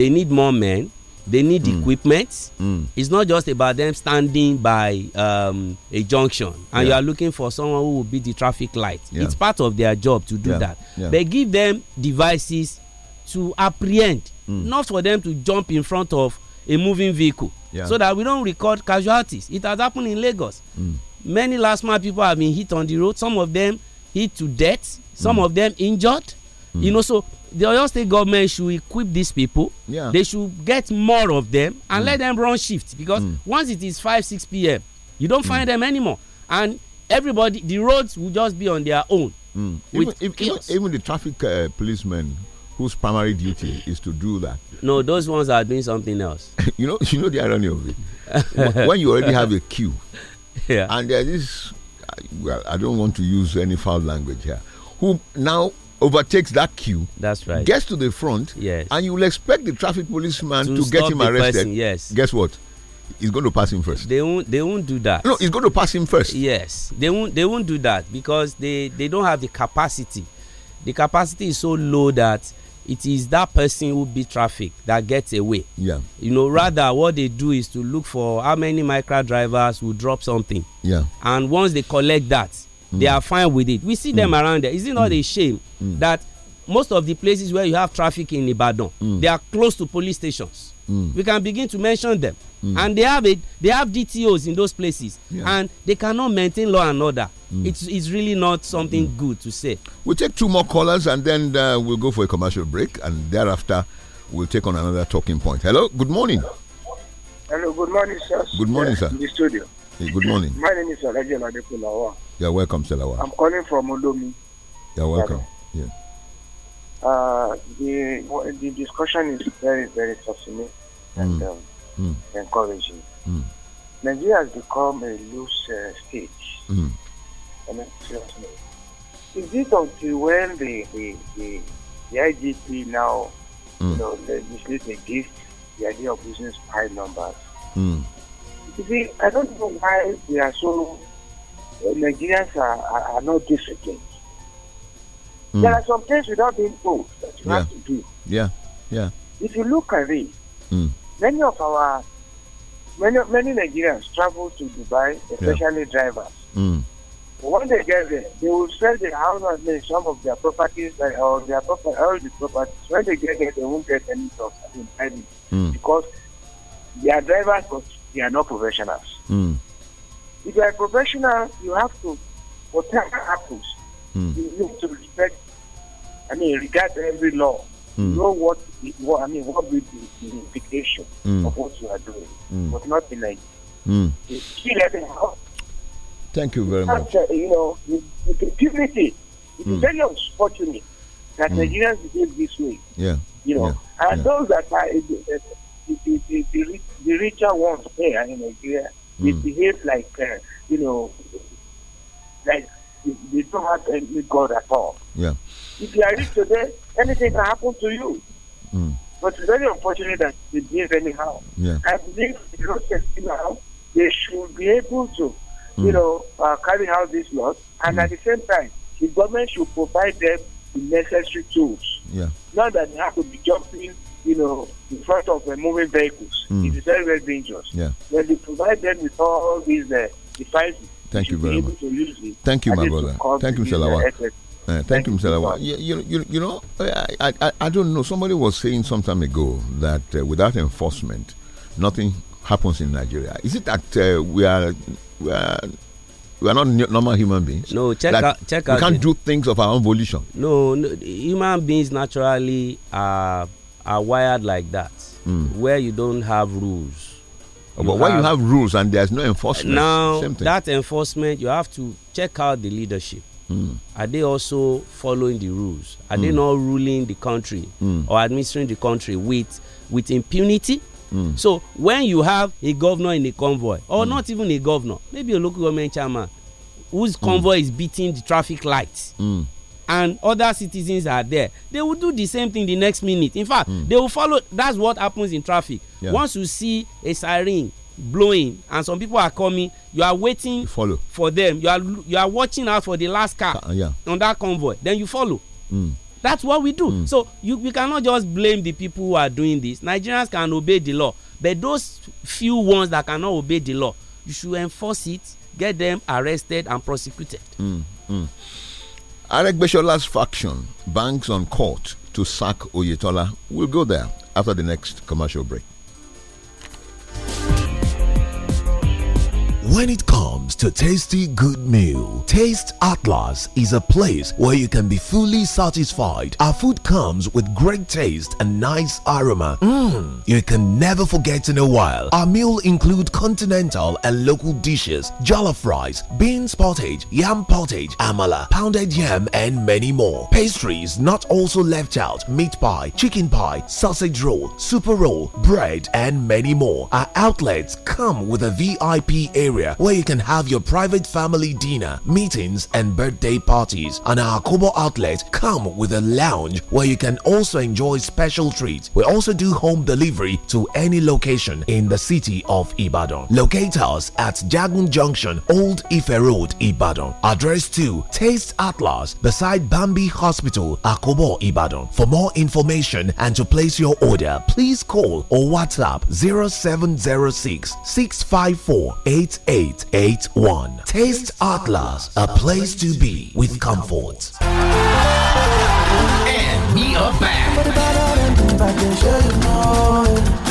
They need more men. They need mm. equipment. Mm. It's not just about them standing by um, a junction and yeah. you are looking for someone who will be the traffic light. Yeah. It's part of their job to do yeah. that. They give them devices to apprehend, mm. not for them to jump in front of a moving vehicle so that we don't record casualties. It has happened in Lagos. Hmm. Many last mile people have been hit on the road, some of them hit to death, some hmm. of them injured Mm. You know, so the Oyo State government should equip these people. Yeah. They should get more of them and mm. let them run shift because mm. once it is 5, 6 p.m., you don't find mm. them anymore. And everybody, the roads will just be on their own. Mm. Even, even, even, the traffic uh, policemen whose primary duty is to do that. No, those ones are doing something else. you know, you know the irony of it. when you already have a queue, yeah. and there is, uh, well, I don't want to use any foul language here, who now overtakes that queue. That's right. Gets to the front. Yes. And you will expect the traffic policeman to, to get him arrested. Person, yes. Guess what? He's going to pass him first. They won't. They won't do that. No, he's going to pass him first. Yes. They won't. They won't do that because they they don't have the capacity. The capacity is so low that it is that person who beat traffic that gets away. Yeah. You know, rather what they do is to look for how many micro drivers will drop something. Yeah. And once they collect that, they are fine with it we see them mm. around there is it not mm. a shame mm. that most of the places where you have traffic in ibadan they are close to police stations we can begin to mention them and they have it they have dtos in those places yeah. and they cannot maintain law and order it's, it's really not something good to say we'll take two more callers and then uh, we'll go for a commercial break and thereafter we'll take on another talking point hello good morning Hello, good morning, sir. Good morning, sir. In the studio. Hey, good morning. My name is Olajuwon Adekulawa. You're welcome, Selawa. I'm calling from Olomi. You're welcome. Yeah. Uh, the the discussion is very very fascinating mm. and hmm. um, mm. encouraging. Mm. Nigeria has become a loose uh, state. Mm. I mean, Is it until when the the, the, the IGP now mm. you hmm. know legislate against the idea of using spy numbers? Hmm. You see, I don't know why we are so uh, Nigerians are, are, are not disciplined. Mm. There are some things without being told that you yeah. have to do. Yeah, yeah. If you look at it, mm. many of our many many Nigerians travel to Dubai, especially yeah. drivers. Mm. When they get there, they will sell their house and make some of their properties uh, or their property, all the properties. When they get there, they won't get any of I hmm. because their drivers they are not professionals. Mm. If you are a professional, you have to, whatever happens, mm. you need to respect, I mean, regard every law. Mm. Know what, what, I mean, what will be the implication hmm. of what you are doing, hmm. but not in like, mm. You Thank you very much. Uh, you know, the, the community, it is very unfortunate that hmm. Nigerians behave this way. Yeah. You know, yeah. and yeah. those that are, uh, the, the, the, the, rich, the richer ones here in Nigeria, they hmm. behave like, uh, you know, like they, don't have any God at all. Yeah. If you are rich today, anything can happen to you. Mm. But it's very unfortunate that they behave anyhow. Yeah. I believe the road now, they should be able to, mm. you hmm. know, uh, carry out these laws, And mm. at the same time, the government should provide them the necessary tools. Yeah. Not that they have to be jumping, you know, in front of the moving vehicles. Mm. It is very, very dangerous. Yeah. When they provide them with all these uh, devices, thank you very much. Thank you, my brother. Thank you, Shalawa. Uh, thank, thank you, Mr. Lawa. You, you, you, you know, I, I, I don't know. Somebody was saying some time ago that uh, without enforcement, nothing happens in Nigeria. Is it that uh, we are we are we are not normal human beings? No, check out. Check we out. We can't the, do things of our own volition. No, no human beings naturally are are wired like that, mm. where you don't have rules. but why you have rules and there's no enforcement? Now, that enforcement, you have to check out the leadership. Mm. Are they also following the rules? Are mm. they hmm. not ruling the country hmm. or administering the country with, with impunity? Hmm. So, when you have a governor in a convoy, or not even a governor, maybe a local government chairman, whose convoy is beating the traffic lights and other citizens are there they will do the same thing the next minute in fact mm. they will follow that's what happens in traffic yeah. once you see a siren blowing and some people are coming you are waiting you follow. for them you are you are watching out for the last car uh, yeah. on that convoy then you follow mm. that's what we do mm. so you we cannot just blame the people who are doing this nigerians can obey the law but those few ones that cannot obey the law you should enforce it get them arrested and prosecuted mm. Aregbeshola's faction banks on court to sack Oyetola. We'll go there after the next commercial break. When it comes to tasty good meal, Taste Atlas is a place where you can be fully satisfied. Our food comes with great taste and nice aroma. Mmm, you can never forget in a while. Our meal include continental and local dishes, jollof rice, beans pottage, yam pottage, amala, pounded yam and many more. Pastries not also left out, meat pie, chicken pie, sausage roll, super roll, bread and many more. Our outlets come with a VIP area area where you can have your private family dinner, meetings and birthday parties. And our Kobo outlet come with a lounge where you can also enjoy special treats. We also do home delivery to any location in the city of Ibadan. Locate us at Jagun Junction, Old Ife Road, Ibadan. Address 2, Taste Atlas, beside Bambi Hospital, Akobo, Ibadan. For more information and to place your order, please call or WhatsApp 0706 654 8881. Taste Atlas, a place to be with comfort. And we are back.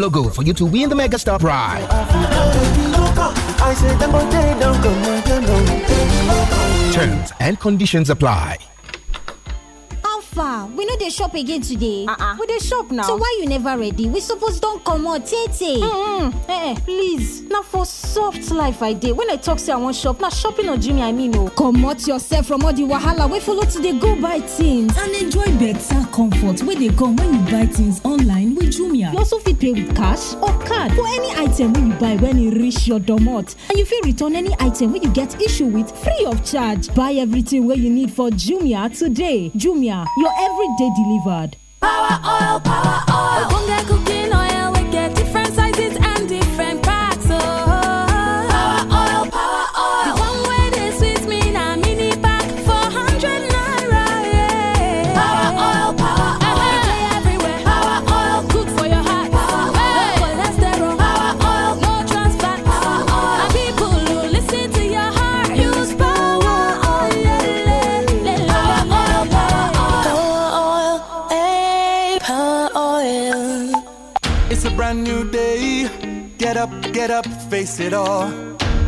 logo for you to win the Mega Star Prize. Terms and conditions apply. far we no dey shop again today uh-uh. we dey shop now so why you never ready we suppose don comot tey tey eh please na for soft life i dey when i talk say i wan shop na shopping on ojimi i mean o oh. comot yourself from all di wahala wey follow to dey go buy things and enjoy better comfort wey dey come when you buy things online with jumia you also fit pay with cash or card for any item wey you buy when e reach your domot and you fit return any item wey you get issue with free of charge buy everything wey you need for jumia today jumia you your everyday delivered. Power oil, power oil. get up, face it all.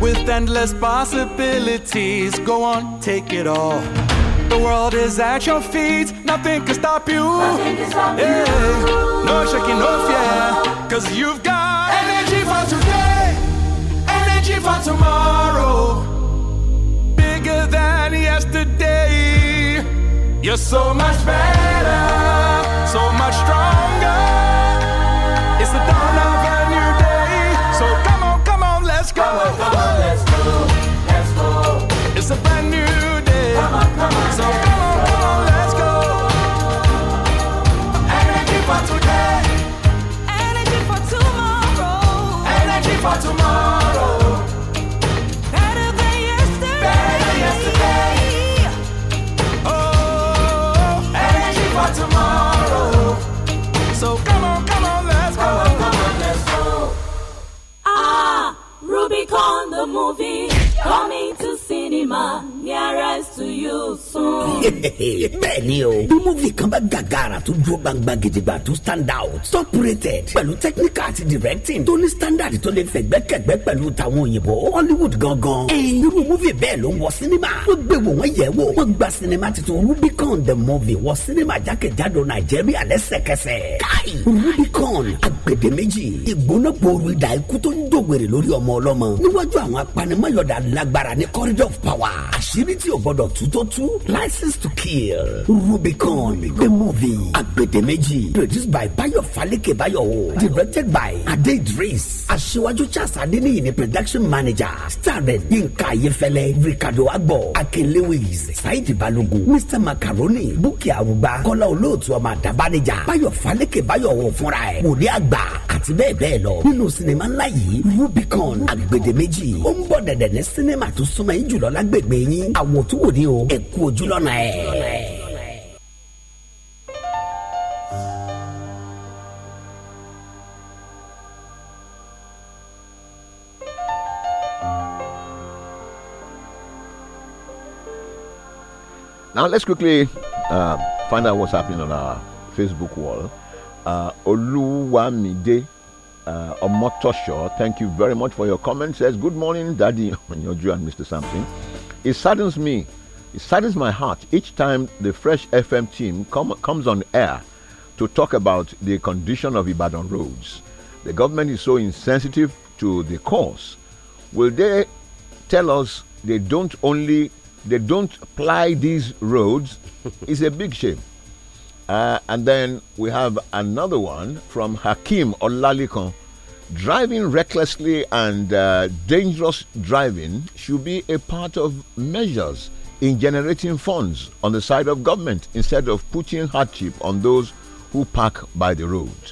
With endless possibilities, go on, take it all. The world is at your feet, nothing can stop you. Can stop yeah. You. No shaking off, yeah. Cause you've got energy for today, energy for tomorrow. Bigger than yesterday. You're so much better, so much stronger. It's the dawn of go, on, come on, let's go, let's go. It's a brand new day. Come on, come on, so let's come on, come on, let's go. Energy for today. Energy for tomorrow. Energy for tomorrow. movie coming to cinema. nearest to you soon. bẹ́ẹ̀ni o bí múvi kan bá gàgàrà tó dúró gbangba gidigba tó stand out top rated pẹ̀lú technical àti directing tó ní standard tó lè fẹ̀gbẹ́kẹ̀gbẹ́ pẹ̀lú tàwọn òyìnbó hollywood gangan. ẹyin irú múvi bẹ́ẹ̀ ló ń wọ sinima wọ́n gbé wò wọ́n yẹ̀ wò wọ́n gba sinima titun rubicon the movie wọ sinima jákèjádò nàìjíríà lẹ́sẹ̀kẹsẹ̀. káì rubicon agbèdémèjì ìgbóná gbòòrò ìdá ikú tó ń dògbèrè lórí ọmọ ọlọ́mọ níwájú àwọn apanimọ̀yọ̀dà lágbára ní corridor of power. àṣ àṣírí tí o gbọdọ̀ tú tó tú license to kill rubicon the movie agbedeméjì produced by bayo falike bayo directed by ade idris aṣíwájú charles adeniyi ni production manager starred yinka ayefẹlẹ ricardo agbo akin lewis saidi balogun mr macaroni bukki arugba kọlá olóòtú ọmọ àdàbánijà bayo falike bayo wò fúnra ẹ̀ wòlé àgbà àti bẹ́ẹ̀ bẹ́ẹ̀ lọ nínú sinimá ńlá yìí rubicon agbedeméjì ó ń bọ̀ dẹ̀dẹ̀ ní sinimá tó súnmọ́ yín jùlọ lágbègbè yín. àwòtúwòde lọ́nà ẹ̀. Now let's quickly um, find out what's happening on our Facebook wall. Uh, Oluwamide uh, Omotosho, thank you very much for your comment. Says good morning, Daddy Onyoju and Mr. Sampson. It saddens me. It saddens my heart each time the Fresh FM team come, comes on air to talk about the condition of Ibadan roads. The government is so insensitive to the cause. Will they tell us they don't only they don't ply these roads? it's a big shame. Uh, and then we have another one from Hakim Olalikon Driving recklessly and uh, dangerous driving should be a part of measures in generating funds on the side of government instead of putting hardship on those who park by the roads.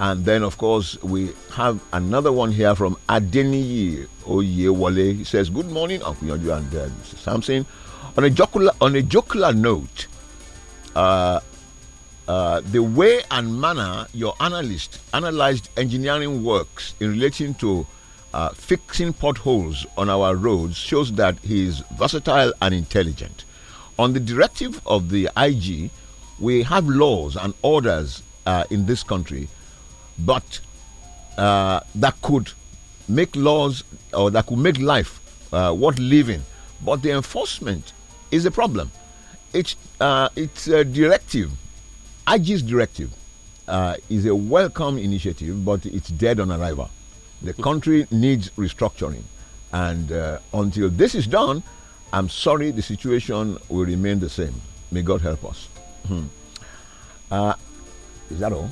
And then, of course, we have another one here from Adeniyi Oyewole. He says, Good morning, Uncle Yonju and uh, Mr. Samson. On a jocular, on a jocular note, uh, uh, the way and manner your analyst analyzed engineering works in relation to uh, fixing potholes on our roads shows that he is versatile and intelligent. On the directive of the IG, we have laws and orders uh, in this country, but uh, that could make laws or that could make life uh, worth living. But the enforcement is a problem. It's it's a directive IG's directive uh, is a welcome initiative, but it's dead on arrival. The country needs restructuring. And uh, until this is done, I'm sorry the situation will remain the same. May God help us. Hmm. Uh, is that all?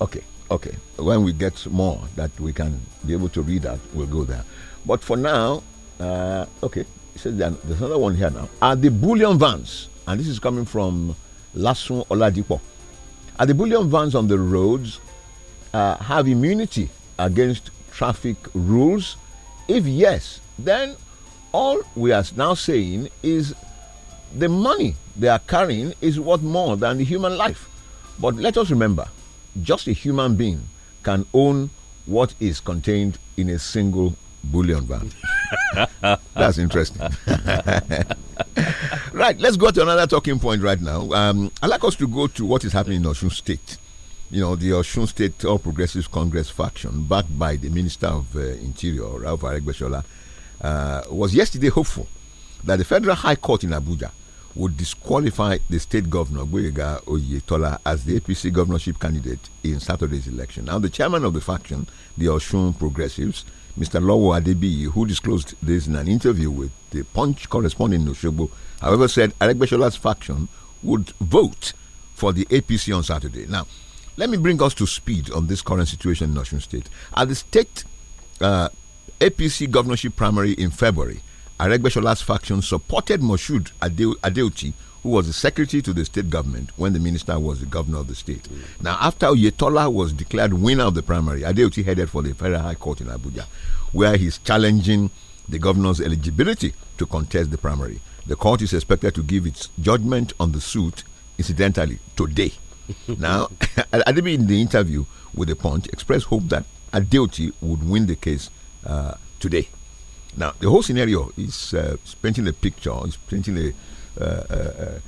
Okay, okay. When we get more that we can be able to read that, we'll go there. But for now, uh, okay, says there's another one here now. Are the bullion vans, and this is coming from Lasun Oladipo. Are the bullion vans on the roads uh, have immunity against traffic rules? If yes, then all we are now saying is the money they are carrying is worth more than the human life. But let us remember, just a human being can own what is contained in a single bullion van. That's interesting. right, let's go to another talking point right now. Um, I'd like us to go to what is happening in Osun State. You know, the Osun State All Progressives Congress faction, backed by the Minister of uh, Interior, Ralph Aregbeshola, uh, was yesterday hopeful that the Federal High Court in Abuja would disqualify the state governor, Guyega Oyetola, as the APC governorship candidate in Saturday's election. Now, the chairman of the faction, the Osun Progressives, Mr. Lowo Adebiyi, who disclosed this in an interview with the Punch correspondent Noshogbo, however, said Aregbeshola's faction would vote for the APC on Saturday. Now, let me bring us to speed on this current situation in Osun State. At the state uh, APC governorship primary in February, Aregbeshola's faction supported Moshood Ade Adeuchi, who was the secretary to the state government when the minister was the governor of the state. Mm Now, after Yetola was declared winner of the primary, Adeoti headed for the Federal High Court in Abuja, where he's challenging the governor's eligibility to contest the primary. The court is expected to give its judgment on the suit, incidentally, today. now, Adebi, in the interview with The Punch, expressed hope that Adeoti would win the case uh, today. Now, the whole scenario is uh, painting a picture, It's painting a a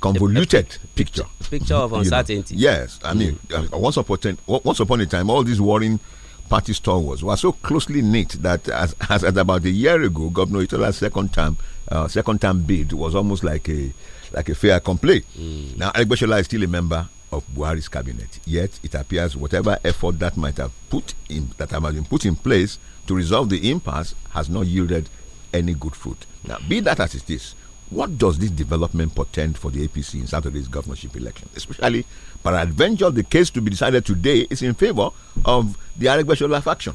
convoluted a picture. Picture of uncertainty. You know? Yes, I mean, mm. once upon once upon a time, all these warring party stalwarts were so closely knit that as, as, as about a year ago, Governor Itola's second term uh, second term bid was almost like a like a fair complaint. Mm. Now, Agbeshola is still a member of Buhari's cabinet. Yet, it appears whatever effort that might have put in that have been put in place to resolve the impasse has not yielded any good fruit. Now, be that as it is what does this development portend for the APC in Saturday's governorship election? Especially, but adventure? the case to be decided today is in favor of the Aregbeshola faction.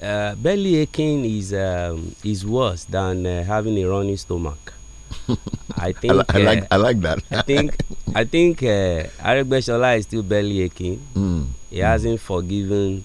Uh, belly aching is um, is worse than uh, having a running stomach. I think I, li I uh, like I like that. I think I think uh, Aregbeshola is still belly aching. Mm. He mm. hasn't forgiven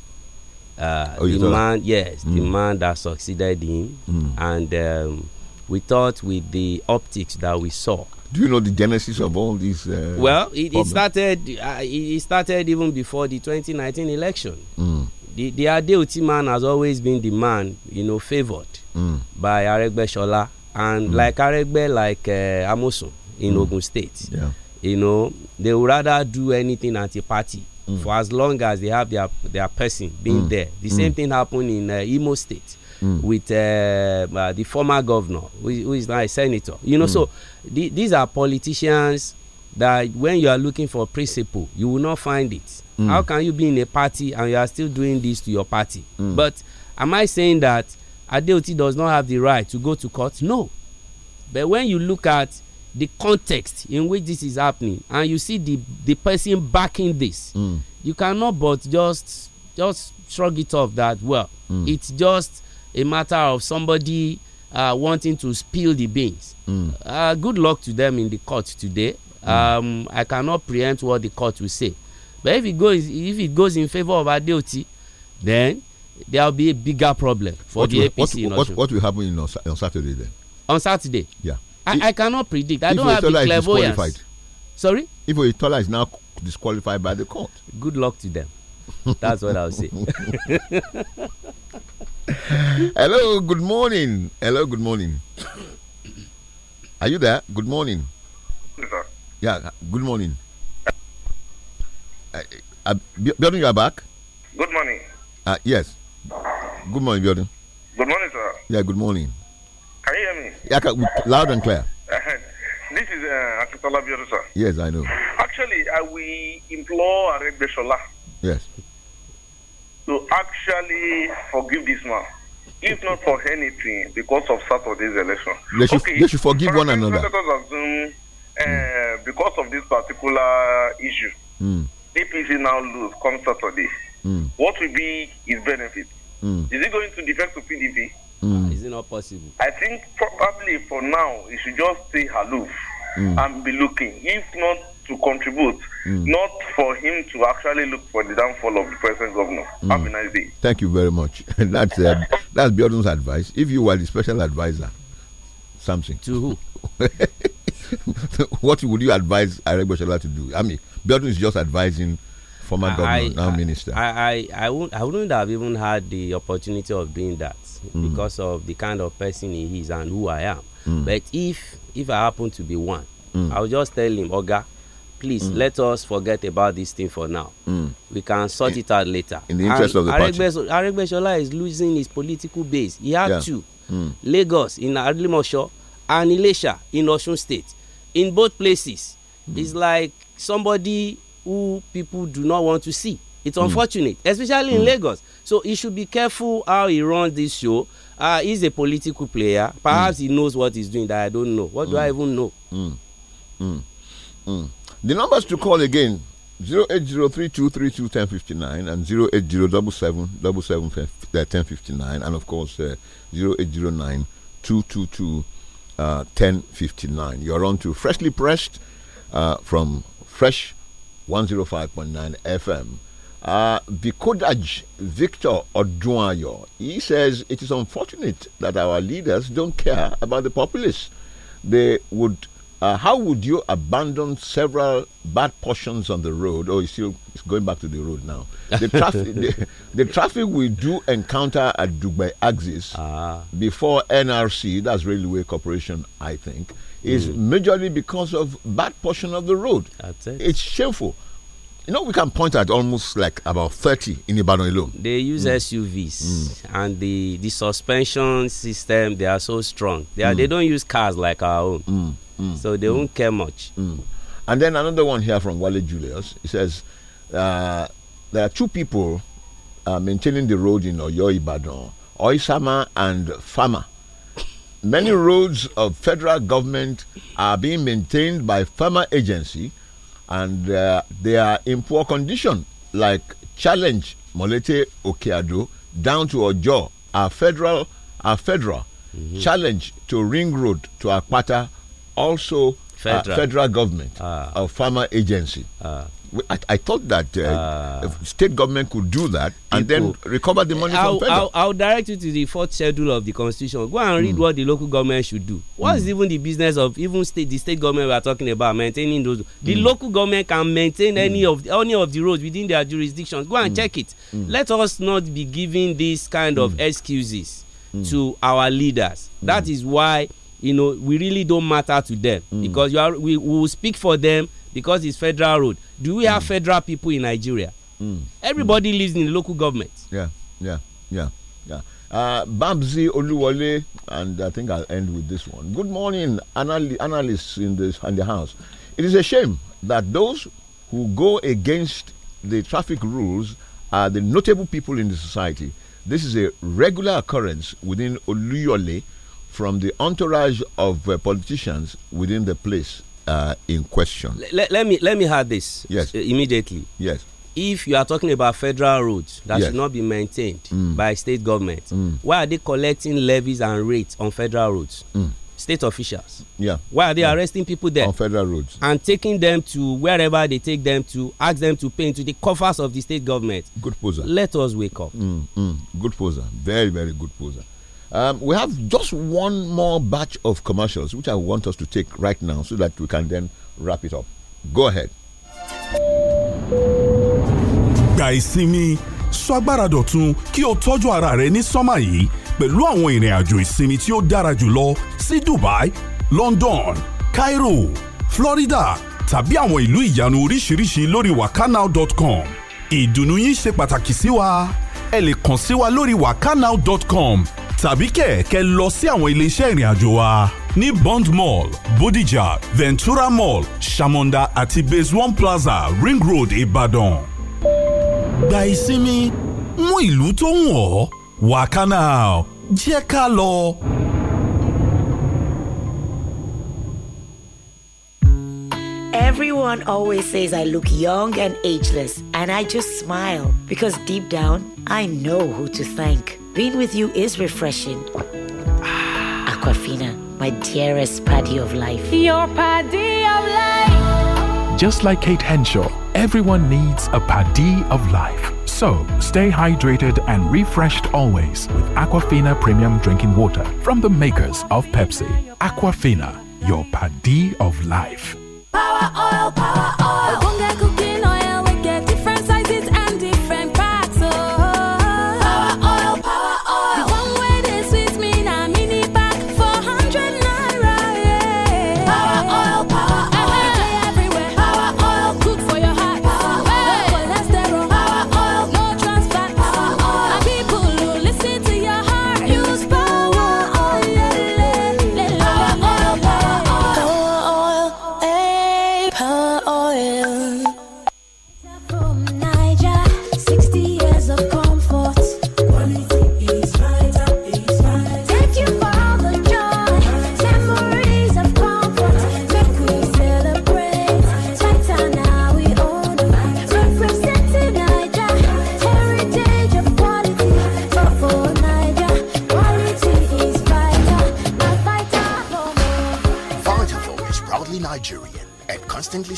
uh, oh, the man. Yes, mm. the man that succeeded him, mm. and. Um, we thought with the optics that we saw. Do you know the genesis of all these? Uh, well, it, it started. Uh, it started even before the 2019 election. Mm. The the Adeoti man has always been the man you know favored mm. by Aregbe Shola and mm. like Aregbe, like uh, Amosun in mm. Ogun State. Yeah. You know they would rather do anything anti-party. Mm. for as long as they have their their person being mm. there. The mm. same thing happened in uh, Imo State. mm. with uh, uh, the former governor, who, who is now a senator. You know, mm. so the, these are politicians that when you are looking for principle, you will not find it. Mm. How can you be in a party and you are still doing this to your party? Mm. But am I saying that Adeoti does not have the right to go to court? No. But when you look at the context in which this is happening and you see the the person backing this mm. you cannot but just just shrug it off that well mm. it's just a matter of somebody uh, wanting to spill the beans. Mm. Uh, good luck to them in the court today. Mm. Um, I cannot preempt what the court will say. But if it goes, if it goes in favor of Adeoti, then there will be a bigger problem for what the will, APC. What, what, what, will happen in, on, on, Saturday then? On Saturday? Yeah. I, if, I cannot predict. I don't have the clairvoyance. Sorry? If Oitola is now disqualified by the court. Good luck to them. That's what I'll say. Hello, good morning. Hello, good morning. Are you there? Good morning. Yes, Yeah, good morning. Uh, uh, uh Bjorn, you are back? Good morning. Uh, yes. Good morning, Bjorn. Good morning, sir. Yeah, good morning. Can you hear me? Yeah, can, loud and clear. Uh-huh. this is uh, Akitola Bjorn, sir. Yes, I know. Actually, I uh, will implore Arek Beshola. Yes to actually forgive this man, if not for anything, because of Saturday's election. They should, okay, they should forgive one another. assume, uh, mm. because of this particular issue, mm. APC now lose come Saturday. Mm. What will be his benefit? Mm. Is he going to defect to PDP? Mm. Ah, is it not possible? I think probably for now, he should just stay aloof hmm. and be looking. If not to contribute, mm. not for him to actually look for the downfall of the present governor. Mm. Have a nice day. Thank you very much. that's uh, that's Biodun's advice. If you were the special advisor, something to who? what would you advise Aregbesola to do? I mean, Biodun is just advising former I, governor, now I, minister. I, I, I, won't, I wouldn't have even had the opportunity of doing that mm. because of the kind of person he is and who I am. Mm. But if if I happen to be one, mm. I will just tell him, Oga, please mm. let us forget about this thing for now. Mm. We can sort in, it out later. In the interest and of the Aregbesola, party. Aregbesola is losing his political base. He had yeah. two. Mm. Lagos in Adlimosho and Ilesha in Osun State. In both places, mm. it's like somebody who people do not want to see. It's mm. unfortunate, especially in mm. Lagos. So he should be careful how he runs this show. Uh, he's a political player. Perhaps mm. he knows what he's doing that I don't know. What do I even know? Mm. The numbers to call again 08032321059 and 08077771059 uh, and of course uh, 0809222 uh, You're on to Freshly Pressed uh, from Fresh 105.9 FM. Uh, Victor Odunayo, he says it is unfortunate that our leaders don't care about the populace. They would uh, how would you abandon several bad portions on the road? Oh, you still it's going back to the road now. The traffic, the, the, traffic we do encounter at Dubai Axis ah. before NRC, that's Railway Corporation, I think, is mm. majorly because of bad portion of the road. That's it. It's shameful. You know, we can point at almost like about 30 in Ibadan alone. They use mm. SUVs mm. and the, the suspension system, they are so strong. They, are, they hmm. don't use cars like our own hmm. Mm. So they mm. won't care much. Mm. And then another one here from Wale Julius. He says uh, there are two people uh, maintaining the road in Oyo Ibadan, Oisama and Farmer. Many roads of federal government are being maintained by farmer agency and uh, they are in poor condition like Challenge Molete Okeado down to Ojo, a federal, a federal mm -hmm. challenge to Ring Road to Akpata also federal, federal government, a ah. farmer agency. Ah. I, I, thought that uh, ah. state government could do that and then recover the money I'll, from I'll, I'll, direct you to the fourth schedule of the constitution. Go and read mm. what the local government should do. What mm. is even the business of even state the state government we are talking about maintaining those? The mm. local government can maintain any hmm. of the, any of the roads within their jurisdiction. Go and hmm. check it. Hmm. Let us not be giving these kind of excuses to our leaders. That is why you know we really don't matter to them mm. because you are we, will speak for them because it's federal road do we have mm. federal people in nigeria mm. everybody mm. lives in local government yeah yeah yeah yeah uh, Babzi Oluwole, and I think I'll end with this one. Good morning, anal analysts in, this, in the house. It is a shame that those who go against the traffic rules are the notable people in the society. This is a regular occurrence within Oluyole from the entourage of uh, politicians within the place uh, in question. Let, let me let me add this. Yes. Uh, immediately. Yes. If you are talking about federal roads that yes. should not be maintained mm. by state government, mm. why are they collecting levies and rates on federal roads? Mm. State officials. Yeah. Why are they yeah. arresting people there? On federal roads. And taking them to wherever they take them to, ask them to pay into the coffers of the state government. Good poser. Let us wake up. Mm, mm. Good poser. Very, very good poser. Um, we have just one more batch of commercials, which I want us to take right now so that we can then wrap it up. Go ahead. Gba ìsinmi sọ agbára dọ̀tun kí o tọ́jú ara rẹ ní sọ́mà yìí pẹ̀lú àwọn ìrìn àjò ìsinmi tí ó dára jùlọ sí Dubai, London, Cairo, Florida tàbí àwọn ìlú ìyanu oríṣiríṣi lórí wakanow.com. Ìdùnnú yín ṣe pàtàkì sí wa ẹ lè kàn sí wa lórí wakanow.com tàbí kẹ̀kẹ́ lọ sí àwọn iléeṣẹ́ ìrìnàjò wa ní Bond Mall, Bodija, Ventura Mall, Shamonda àti Base One Plaza, Ring Road, Ìbàdàn. Gba ìsinmi mú ìlú tó ń wọ̀ wá canal jẹ́ ká lọ. Everyone always says I look young and ageless, and I just smile because deep down, I know who to thank. Being with you is refreshing. Ah, Aquafina, my dearest paddy of life. Your paddy of life. Just like Kate Henshaw, everyone needs a paddy of life. So, stay hydrated and refreshed always with Aquafina Premium Drinking Water from the makers of Pepsi. Aquafina, your paddy of life. Power oil, power oil.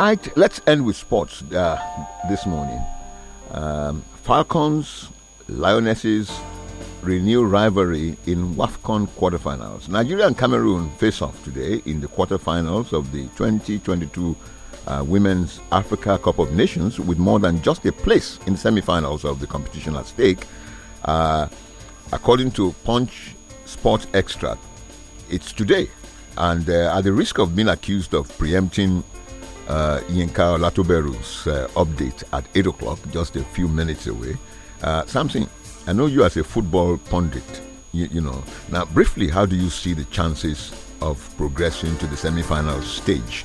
Right, let's end with sports uh, this morning. Um, Falcons, Lionesses renew rivalry in WAFCON quarterfinals. Nigeria and Cameroon face off today in the quarterfinals of the 2022 uh, Women's Africa Cup of Nations, with more than just a place in the semifinals of the competition at stake. Uh, according to Punch Sports Extract, it's today. And uh, at the risk of being accused of preempting uh, Yinka uh, update at 8 o'clock, just a few minutes away. Uh, something, I know you as a football pundit, you, you, know. Now, briefly, how do you see the chances of progressing to the semi final stage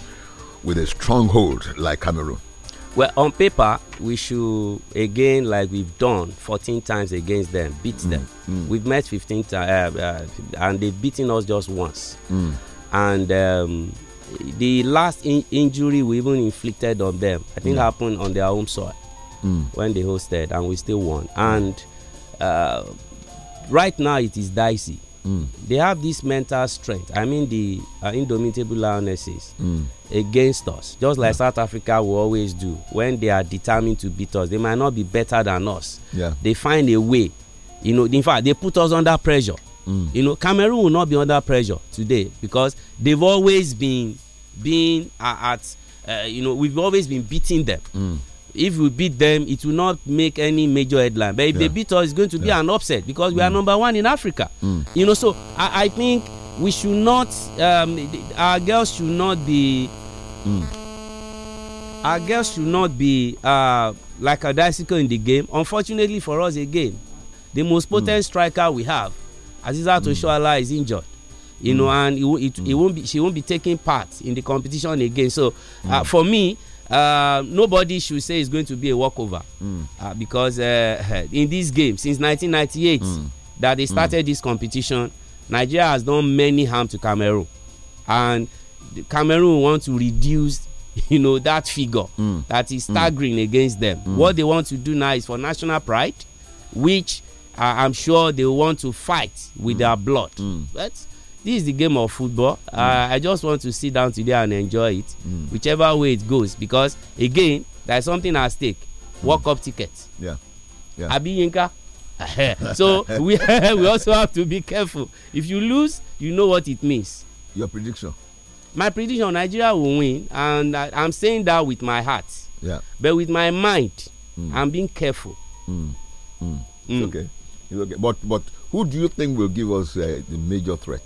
with a stronghold like Cameroon? Well, on paper, we should, again, like we've done 14 times against them, beat mm, them. Mm. We've met 15 times, uh, uh, and they've beaten us just once. Mm. And um, the last in injury we even inflicted on them, I think, mm. happened on their home soil mm. when they hosted, and we still won. And uh, right now, it is dicey. Mm. They have this mental strength. I mean, the uh, indomitable lionesses mm. against us, just like yeah. South Africa will always do when they are determined to beat us. They might not be better than us. Yeah. They find a way. You know, in fact, they put us under pressure. Mm. You know, Cameroon will not be under pressure today because they've always been being at, uh, you know, we've always been beating them. Mm. If we beat them, it will not make any major headline. But if yeah. they beat us, it's going to be an upset because we mm. are number one in Africa. Mm. You know, so I, I, think we should not, um, our girls should not be, mm. our girls should not be uh, like a bicycle in the game. Unfortunately for us, again, the most potent mm. striker we have, Aziza mm. Toshoala, is injured you know mm. and it, it, it mm. won't be she won't be taking part in the competition again so uh, mm. for me uh, nobody should say it's going to be a walkover mm. uh, because uh, in this game since 1998 mm. that they started mm. this competition nigeria has done many harm to cameroon and cameroon want to reduce you know that figure that is staggering against them what they want to do now is for national pride which uh, i'm sure they want to fight with their blood but this is the game of football. Mm. Uh, I just want to sit down today and enjoy it, mm. whichever way it goes. Because again, there's something at stake. Mm. World Cup ticket. Yeah. Yeah. Abi Yinka. so we we also have to be careful. If you lose, you know what it means. Your prediction. My prediction: Nigeria will win, and I, am saying that with my heart. Yeah. But with my mind, mm. I'm being careful. Mm. Mm. It's okay. It's okay. But but who do you think will give us uh, the major threat?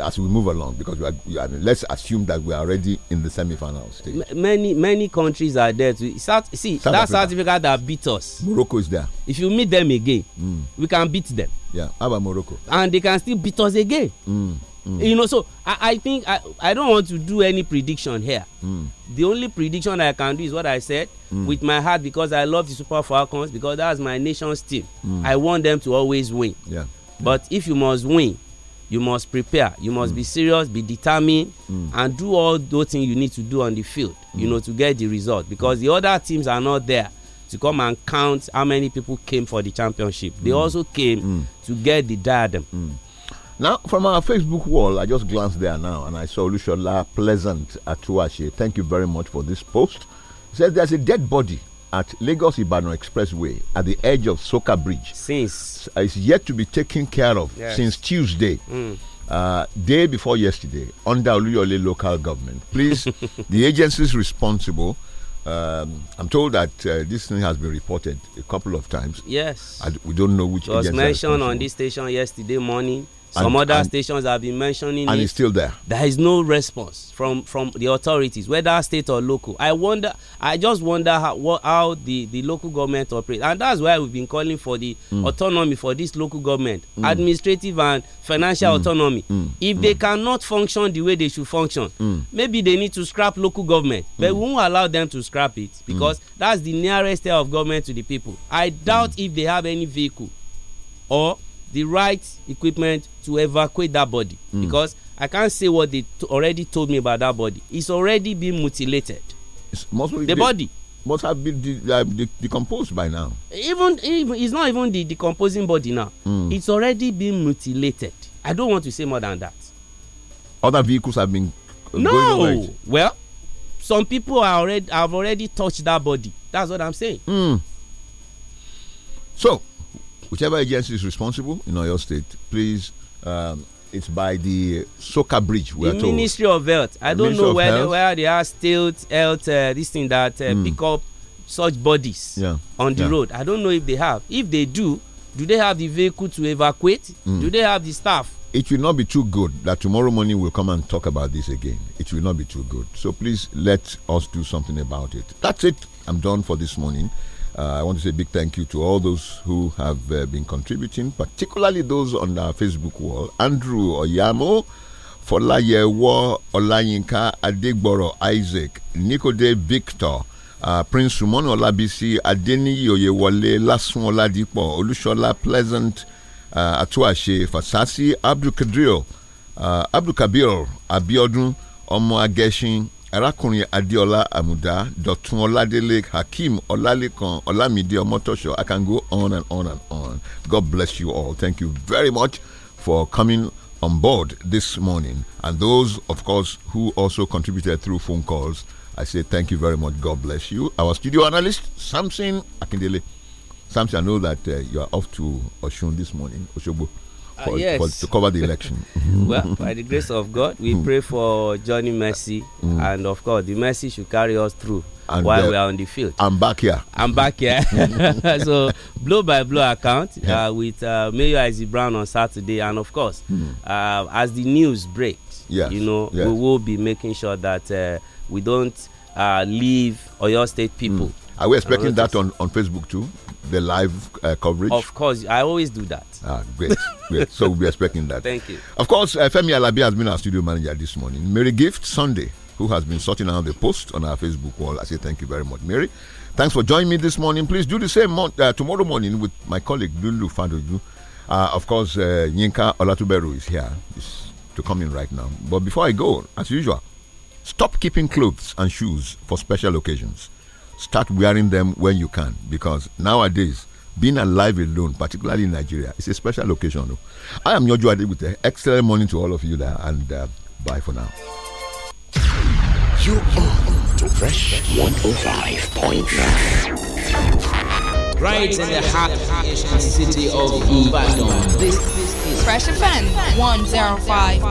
as we move along because we are, we are, let's assume that we are already in the semi-final stage. M many many countries are there to South, see South that South Africa that beat us. Morocco is there. If you meet them again, mm. we can beat them. Yeah, how about Morocco? And they can still beat us again. Mm. Mm. You know, so I, I think I, I don't want to do any prediction here. Mm. The only prediction I can do is what I said mm. with my heart because I love the Super Falcons because that's my nation's team. Mm. I want them to always win. Yeah. But yeah. if you must win, you must prepare you must mm. be serious be determined mm. and do all those things you need to do on the field mm. you know to get the result because the other teams are not there to come and count how many people came for the championship they mm. also came mm. to get the diadem. Mm. Now, from our Facebook wall, I just glanced there now and I saw Lushola Pleasant Atuache. Thank you very much for this post. He says there's a dead body at Lagos Ibadan Expressway at the edge of Soka Bridge. Since. It's yet to be taken care of yes. since Tuesday. Mm. Uh, day before yesterday, under Oluyole local government. Please, the agencies responsible. Um, I'm told that uh, this thing has been reported a couple of times. Yes. I, we don't know which. It was mentioned on this station yesterday morning some other and, stations have been mentioning and it. it's still there. There is no response from from the authorities, whether state or local. I wonder. I just wonder how what, how the the local government operates, and that's why we've been calling for the mm. autonomy for this local government, mm. administrative and financial mm. autonomy. Hmm. If hmm. they cannot function the way they should function, hmm. maybe they need to scrap local government, but we won't allow them to scrap it because that's the nearest state of government to the people. I doubt if they have any vehicle or the right equipment to evacuate that body mm. because I can't say what they already told me about that body. It's already been mutilated. the, the body must have been de de decomposed by now. Even, even, it's not even the decomposing body now. Mm. It's already been mutilated. I don't want to say more than that. Other vehicles have been. no, well, some people are already have already touched that body. That's what I'm saying. Mm. So whichever agency is responsible in Oyo State, please. Um, it's by the Soka Bridge. We the Ministry told. of Health. I the don't Ministry know where they, where they are still health uh, this thing that uh, mm. pick up such bodies yeah. on the yeah. road. I don't know if they have. If they do, do they have the vehicle to evacuate? Mm. Do they have the staff? It will not be too good that tomorrow morning we'll come and talk about this again. It will not be too good. So please let us do something about it. That's it. I'm done for this morning. Uh, I want to say a big thank you to all those who have uh, been contributing, particularly those on our Facebook wall. Andrew Oyamo, Folayewo Olayinka Adegboro Isaac, Nicode Victor, uh, Prince Sumon Olabisi Adeniyi Oyewole Lasun Oladipo Olushola Pleasant uh, Atuashe Fasasi Abdul Kadir uh, Abdul Kabir Abiodun Omo Agẹṣin arákùnrin adéọlá àmùdá dọ̀tún ọládélé hakeem ọlálẹ́kan ọlámídé ọmọtọ́ṣọ i can go on and on and on god bless you all thank you very much for coming on board this morning and those of course who also contributed through phone calls i say thank you very much god bless you our studio analyst samson akindele samson i know that uh, you are off to oshun this morning oshogbo uh, for, yes. for, to cover the election. well, by the grace of God, we hmm. pray for Johnny Mercy, mm. and of course, the mercy should carry us through. And while the, uh, we are on the field, I'm back here. I'm back here. so blow by blow account yeah. uh, with uh, Mayor Isaac Brown on Saturday, and of course, mm. uh, as the news breaks, yes. you know, yes. we will be making sure that uh, we don't leave Oyo State people. Mm are we expecting that on, on Facebook too? The live uh, coverage? Of course, I always do that. Ah, great, great. So we'll be expecting that. Thank you. Of course, uh, Femi Alabi has been our studio manager this morning. Mary Gift Sunday, who has been sorting out the post on our Facebook wall. I say thank you very much, Mary. Thanks for joining me this morning. Please do the same mo uh, tomorrow morning with my colleague Lulu Fadoju. Uh, of course, uh, Yinka Olatuberu is here is to come in right now. But before I go, as usual, stop keeping clothes and shoes for special occasions start wearing them when you can because nowadays being alive alone, particularly in Nigeria, is a special occasion. Oh. I am With an Excellent morning to all of you there, and uh, bye for now. You are to Fresh 105.9. Right in the heart of the city of Ibadan. This is Fresh Offense 105.9.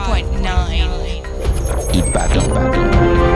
Ibadan. Ibadan.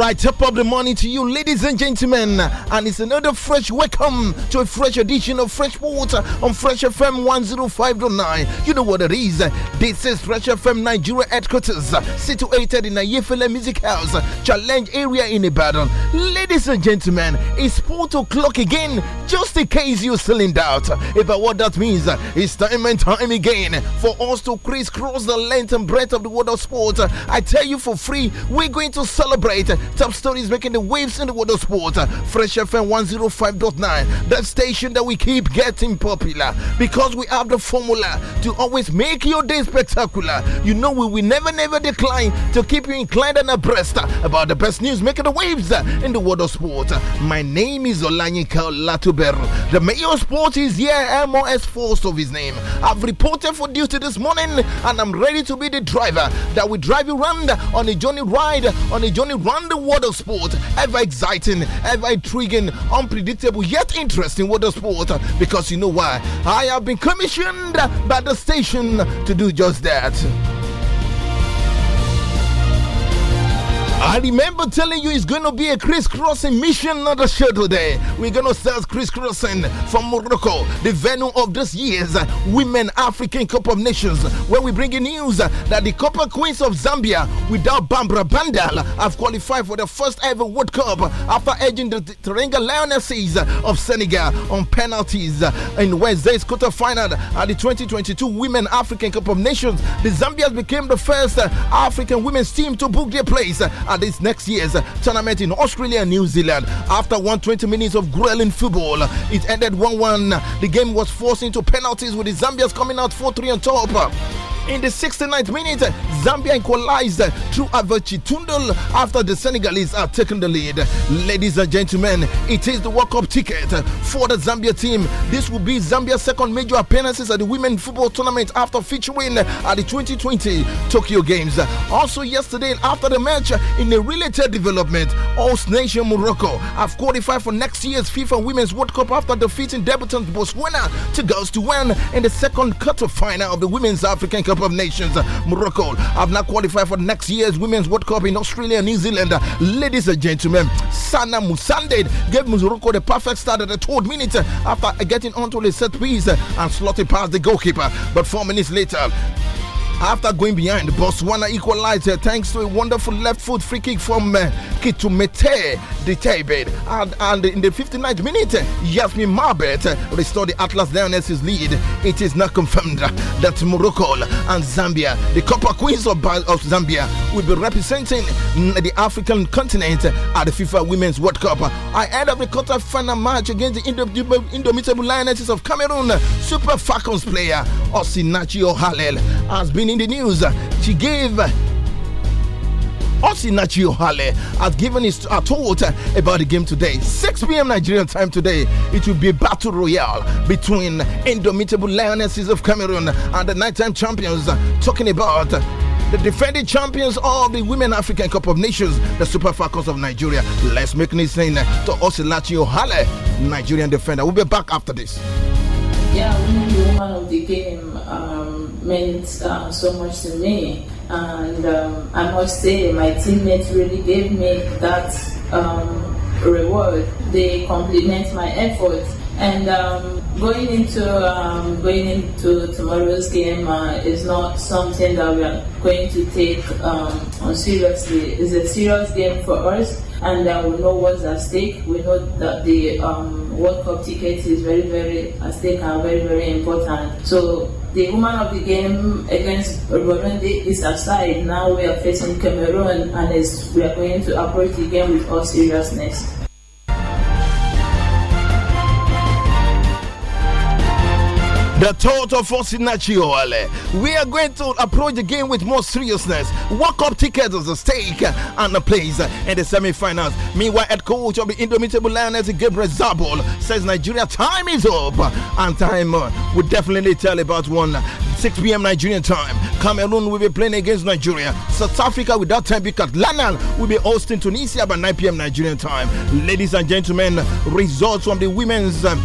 right, up of the morning to you, ladies and gentlemen. And it's another fresh welcome to a fresh edition of Fresh Water on Fresh FM 105.9. You know what it is. This is Fresh FM Nigeria headquarters, situated in Ayefele Music House, Challenge area in Ibadan. Ladies and gentlemen, it's 4 o'clock again, just in case you're still in doubt about what that means. It's time and time again for us to crisscross the length and breadth of the world of sport. I tell you for free, we're going to celebrate Top stories making the waves in the world of sports. Uh, Fresh FM 105.9, that station that we keep getting popular because we have the formula to always make your day spectacular. You know, we will never, never decline to keep you inclined and abreast uh, about the best news making the waves uh, in the world of sports. My name is Olanyika Latuberu. The mayor of sports is here, MOS Force of his name. I've reported for duty this morning and I'm ready to be the driver that will drive you round on a journey ride, on a journey round the world of sport, ever exciting, ever intriguing, unpredictable, yet interesting world of sport. Because you know why? I have been commissioned by the station to do just that. I remember telling you it's going to be a crisscrossing mission, not a shuttle day. We're going to start crisscrossing from Morocco, the venue of this year's Women African Cup of Nations, where we bring you news that the Copper Queens of Zambia, without Bambra Bandal, have qualified for the first ever World Cup after edging the Teranga Lionesses of Senegal on penalties in Wednesday's quarterfinal at the 2022 Women African Cup of Nations. The Zambians became the first African women's team to book their place at this next year's tournament in Australia and New Zealand. After 120 minutes of grueling football, it ended 1 1. The game was forced into penalties with the Zambians coming out 4 3 on top. In the 69th minute, Zambia equalized through Avachi Tundul after the Senegalese are taking the lead. Ladies and gentlemen, it is the World Cup ticket for the Zambia team. This will be Zambia's second major appearances at the Women's Football Tournament after featuring at the 2020 Tokyo Games. Also, yesterday, after the match, in a related development, host nation Morocco have qualified for next year's FIFA Women's World Cup after defeating debutant Botswana to goals to win in the second quarter final of the Women's African Cup Cup of Nations. Morocco have now qualified for next year's Women's World Cup in Australia and New Zealand. Ladies and gentlemen, Sana Musande gave Morocco the perfect start at the third minute after getting onto the set piece and slotted past the goalkeeper. But four minutes later, after going behind. Botswana equalized thanks to a wonderful left foot free kick from uh, Kitumete Detebed. And, and in the 59th minute, Yasmin Marbet restored the Atlas Lionesses lead. It is now confirmed that Morocco and Zambia, the Copper Queens of, of Zambia, will be representing mm, the African continent at the FIFA Women's World Cup. Ahead of the quarter-final match against the indomitable, indomitable Lionesses of Cameroon, Super Falcons player Osinachi Ohalel has been in the news. She gave Osinachi Ohale has given his a thought about the game today. 6 p.m. Nigerian time today, it will be a battle royale between indomitable lionesses of Cameroon and the nighttime champions. Talking about the defending champions of the Women African Cup of Nations, the Super Falcons of Nigeria. Let's make in to Osinachi Ohale, Nigerian defender. We'll be back after this. Yeah, I'm the woman of the game. Um meant um, so much to me. And um, I must say, my teammates really gave me that um, reward. They compliment my efforts. And um, going into um, going into tomorrow's game uh, is not something that we are going to take um, on seriously. It's a serious game for us, and uh, we know what's at stake. We know that the World Cup tickets is very, very at stake and very, very important. So the woman of the game against Burundi is aside. Now we are facing Cameroon and we are going to approach the game with all seriousness. The total force in Osinachiole. We are going to approach the game with more seriousness. Walk up tickets are a stake and a place in the semi finals. Meanwhile, head coach of the Indomitable Lioness, Gabriel Zabol, says Nigeria time is up. And time uh, will definitely tell about one. 6 p.m. Nigerian time. Cameroon will be playing against Nigeria. South Africa with that time because Lanan will be hosting Tunisia by 9 p.m. Nigerian time. Ladies and gentlemen, results from the women's uh,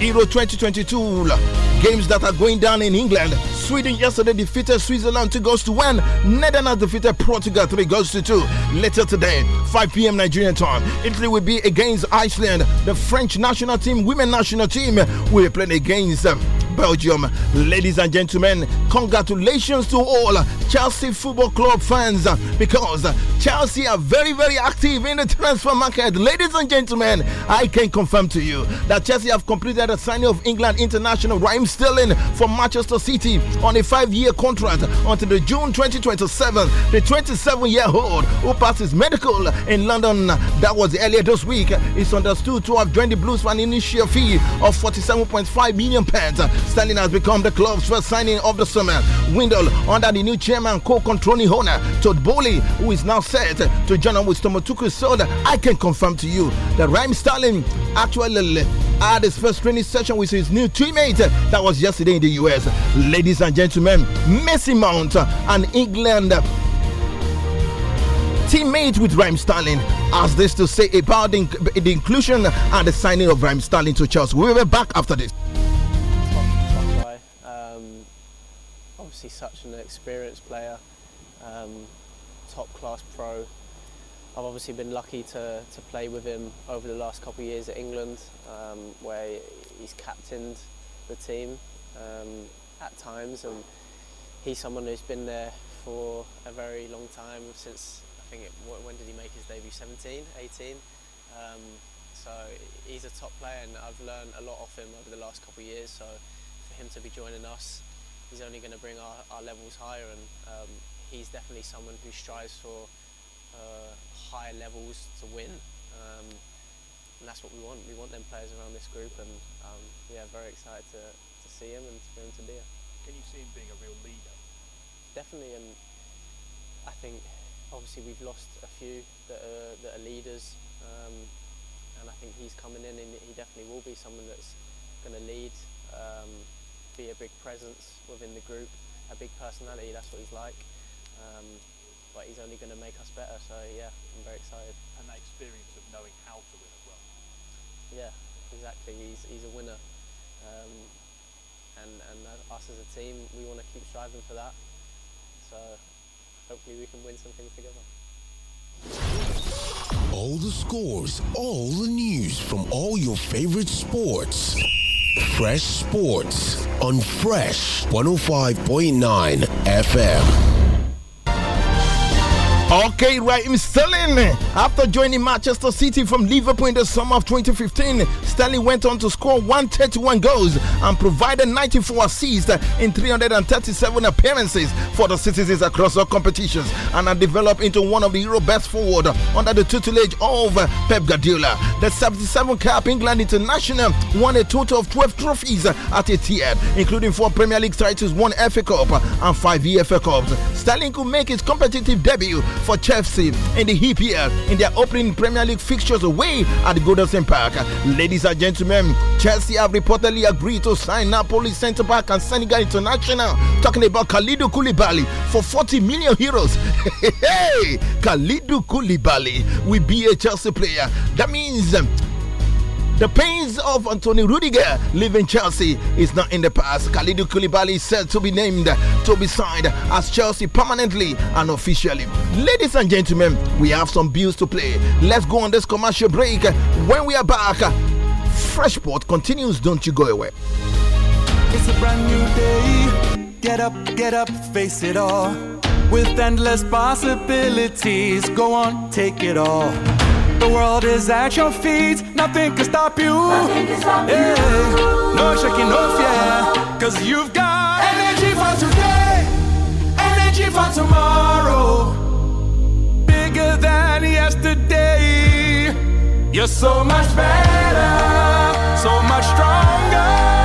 Euro 2022 Games that are going down in England. Sweden yesterday defeated Switzerland 2 goals to 1. Netherlands defeated Portugal 3 goals to 2. Later today, 5 p.m. Nigerian time, Italy will be against Iceland. The French national team, women national team, will play against um, Belgium. Ladies and gentlemen, congratulations to all Chelsea Football Club fans uh, because Chelsea are very, very active in the transfer market. Ladies and gentlemen, I can confirm to you that Chelsea have completed the signing of England international Rhymes Sterling from Manchester City on a five year contract until the June 2027. The 27 year old who passed his medical in London, that was earlier this week, is understood to have joined the Blues for an initial fee of 47.5 million pounds. Sterling has become the club's first signing of the summer window under the new chairman, co controlling owner Todd Bowley, who is now set to join on with Tomotuku Soda. I can confirm to you that Ryan Sterling actually had his first training session with his new teammate that that was yesterday in the US. Ladies and gentlemen, Messi Mount and England teammate with Raheem Sterling has this to say about the, the inclusion and the signing of Raheem Sterling to Chelsea. We'll be back after this. Top, top um, obviously, such an experienced player, um, top class pro. I've obviously been lucky to, to play with him over the last couple of years at England, um, where he's captained the team um, at times, and he's someone who's been there for a very long time since I think it, when did he make his debut? 17, 18. Um, so he's a top player, and I've learned a lot off him over the last couple of years. So for him to be joining us, he's only going to bring our, our levels higher, and um, he's definitely someone who strives for uh, higher levels to win. Um, and that's what we want. We want them players around this group, and um, yeah, very excited to, to see him and for him to be here. Can you see him being a real leader? Definitely, and I think obviously we've lost a few that are, that are leaders, um, and I think he's coming in, and he definitely will be someone that's going to lead, um, be a big presence within the group, a big personality. That's what he's like. Um, but he's only going to make us better, so yeah, I'm very excited. And that experience of knowing how to win yeah, exactly. He's, he's a winner. Um, and, and uh, us as a team, we want to keep striving for that. So hopefully we can win some things together. All the scores, all the news from all your favorite sports. Fresh Sports on Fresh 105.9 FM. Okay, Raheem Sterling. After joining Manchester City from Liverpool in the summer of 2015, Sterling went on to score 131 goals and provided 94 assists in 337 appearances for the citizens across all competitions and had developed into one of the Euro best forward under the tutelage of Pep Guardiola. The 77 cap England international won a total of 12 trophies at tier, including four Premier League titles, one FA Cup, and five EFA Cups. Sterling could make his competitive debut for Chelsea in the EPL in their opening Premier League fixtures away at Goodison Park. Ladies and gentlemen, Chelsea have reportedly agreed to sign Napoli centre back and Senegal international. Talking about Khalidou Koulibaly for 40 million euros. hey, Khalidou Koulibaly will be a Chelsea player. That means um, the pains of Anthony Rudiger leaving Chelsea is not in the past. Khalidou Koulibaly is said to be named to be signed as Chelsea permanently and officially. Ladies and gentlemen, we have some bills to play. Let's go on this commercial break. When we are back, Freshport continues. Don't you go away. It's a brand new day. Get up, get up, face it all. With endless possibilities, go on, take it all the world is at your feet, nothing can stop you. Can stop yeah. you. No shaking off, yeah. Cause you've got energy for today, energy for tomorrow. Bigger than yesterday. You're so much better, so much stronger.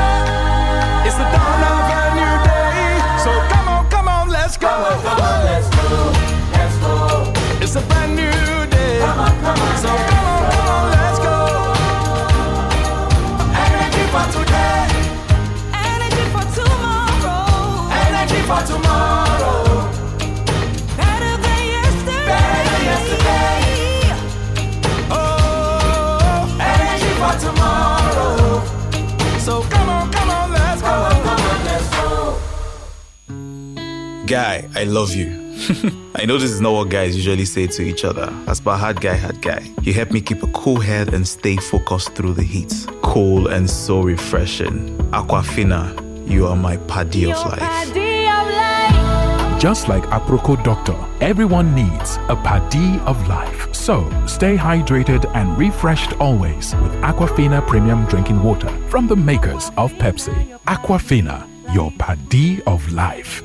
guy, I love you. I know this is not what guys usually say to each other. As per hard guy, hard guy. You help me keep a cool head and stay focused through the heat. Cool and so refreshing. Aquafina, you are my paddy of life. of life. Just like Aproco Doctor, everyone needs a paddy of life. So stay hydrated and refreshed always with Aquafina Premium Drinking Water from the makers of Pepsi. Aquafina, your paddy of life.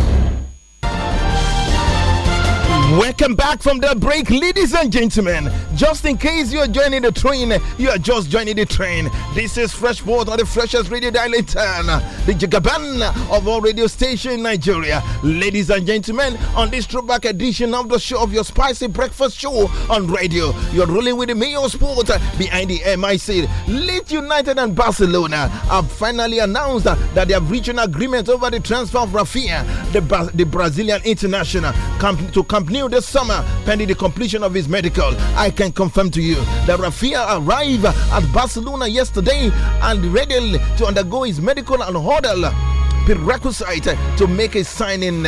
Welcome back from the break, ladies and gentlemen. Just in case you're joining the train, you are just joining the train. This is Fresh Water, on the freshest radio dial in town, the Jagaban of all radio station in Nigeria. Ladies and gentlemen, on this throwback edition of the show of your spicy breakfast show on radio, you're rolling with the Mayo Sport uh, behind the MIC. Leeds United and Barcelona have finally announced uh, that they have reached an agreement over the transfer of Rafinha, the, the Brazilian international, to company this summer pending the completion of his medical. I can confirm to you that Rafia arrived at Barcelona yesterday and ready to undergo his medical and hurdle prerequisite to make a signing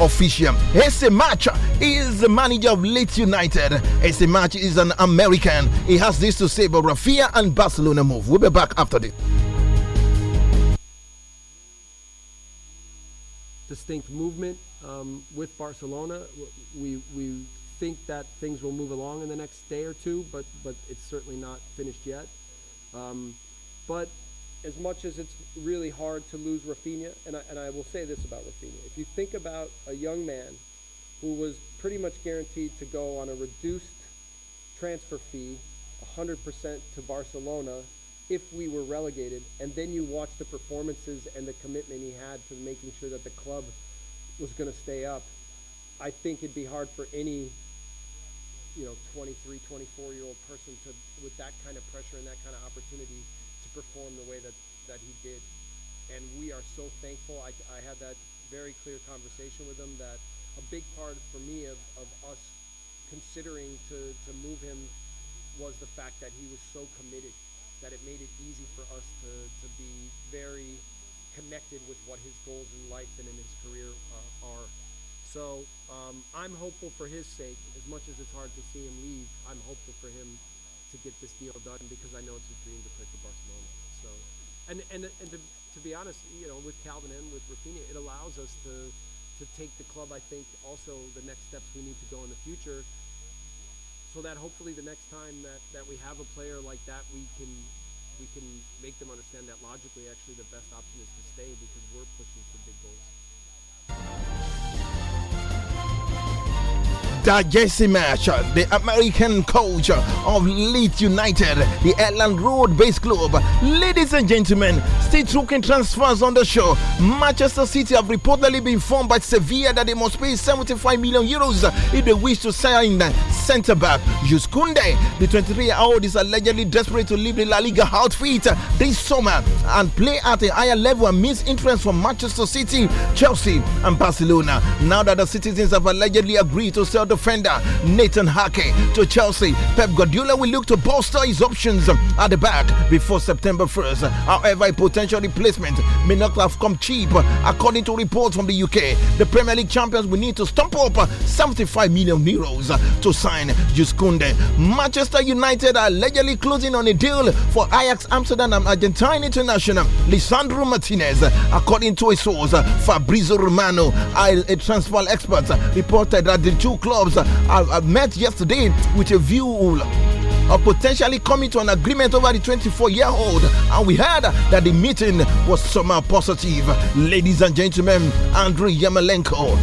official. Ese Match is the manager of Leeds United. Ese Match is an American. He has this to say about Rafia and Barcelona move. We'll be back after this. Distinct movement um, with Barcelona. We we think that things will move along in the next day or two, but but it's certainly not finished yet. Um, but as much as it's really hard to lose Rafinha, and I, and I will say this about Rafinha, if you think about a young man who was pretty much guaranteed to go on a reduced transfer fee, 100% to Barcelona, if we were relegated, and then you watch the performances and the commitment he had to making sure that the club was going to stay up, I think it'd be hard for any, you know, 23, 24 year old person to, with that kind of pressure and that kind of opportunity, to perform the way that, that he did. And we are so thankful. I, I had that very clear conversation with him that a big part for me of, of us considering to, to move him was the fact that he was so committed that it made it easy for us to, to be very connected with what his goals in life and in his career uh, are. So um, I'm hopeful for his sake. As much as it's hard to see him leave, I'm hopeful for him to get this deal done because I know it's his dream to play for Barcelona. So, and and, and to, to be honest, you know, with Calvin and with Rafinha, it allows us to to take the club. I think also the next steps we need to go in the future, so that hopefully the next time that that we have a player like that, we can we can make them understand that logically, actually, the best option is to stay because we're pushing for big goals. Jesse match: the American coach of Leeds United, the Ireland Road based club. Ladies and gentlemen, still talking transfers on the show. Manchester City have reportedly been informed by Sevilla that they must pay 75 million euros if they wish to sign centre back Yuskunde. The 23 year old is allegedly desperate to leave the La Liga outfit this summer and play at a higher level and miss interest from Manchester City, Chelsea, and Barcelona. Now that the citizens have allegedly agreed to sell defender Nathan Hake to Chelsea. Pep Guardiola will look to bolster his options at the back before September 1st. However, a potential replacement may not have come cheap, according to reports from the UK. The Premier League champions will need to stump up 75 million euros to sign Juskunde. Manchester United are allegedly closing on a deal for Ajax Amsterdam Argentine international Lisandro Martinez, according to a source, Fabrizio Romano, a transfer expert, reported that the two clubs I met yesterday with a view of potentially coming to an agreement over the 24 year old. And we heard that the meeting was somehow positive. Ladies and gentlemen, Andrew Yamalenko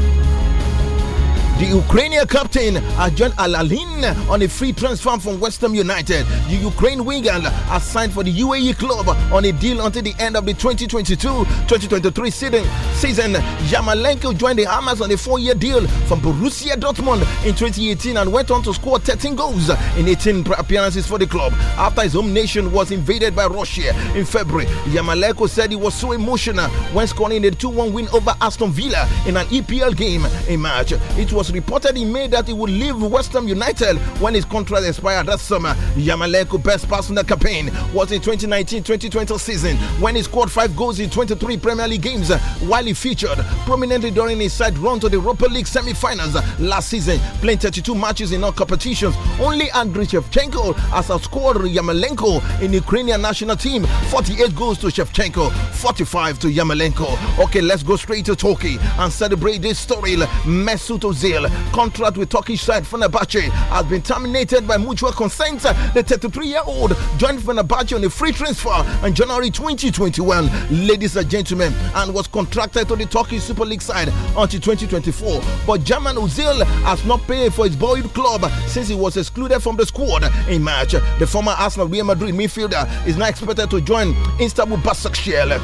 the Ukrainian captain Arjan Alalin on a free transfer from West Ham United. The Ukraine winger has signed for the UAE club on a deal until the end of the 2022-2023 season. Yamalenko joined the Hammers on a four-year deal from Borussia Dortmund in 2018 and went on to score 13 goals in 18 appearances for the club after his home nation was invaded by Russia in February. Yamaleko said he was so emotional when scoring a 2-1 win over Aston Villa in an EPL game in March. It was was reported in May that he would leave West Ham United when his contract expired that summer. Yamaleko best pass in the campaign was in 2019-2020 season when he scored five goals in 23 Premier League games while he featured prominently during his side run to the Europa League semi-finals last season, playing 32 matches in all competitions. Only Andriy Shevchenko has outscored Yamalenko in the Ukrainian national team, 48 goals to Shevchenko, 45 to Yamalenko. Okay, let's go straight to Turkey and celebrate this story. Mesut Ozil deal. Contract with Turkish side Fenerbahce has been terminated by mutual consent. The 33 year old joined Fenerbahce on a free transfer in January 2021, ladies and gentlemen, and was contracted to the Turkish Super League side until 2024. But German Ozil has not paid for his boyhood club since he was excluded from the squad in March. The former Arsenal Real Madrid midfielder is now expected to join Istanbul Basaksehir.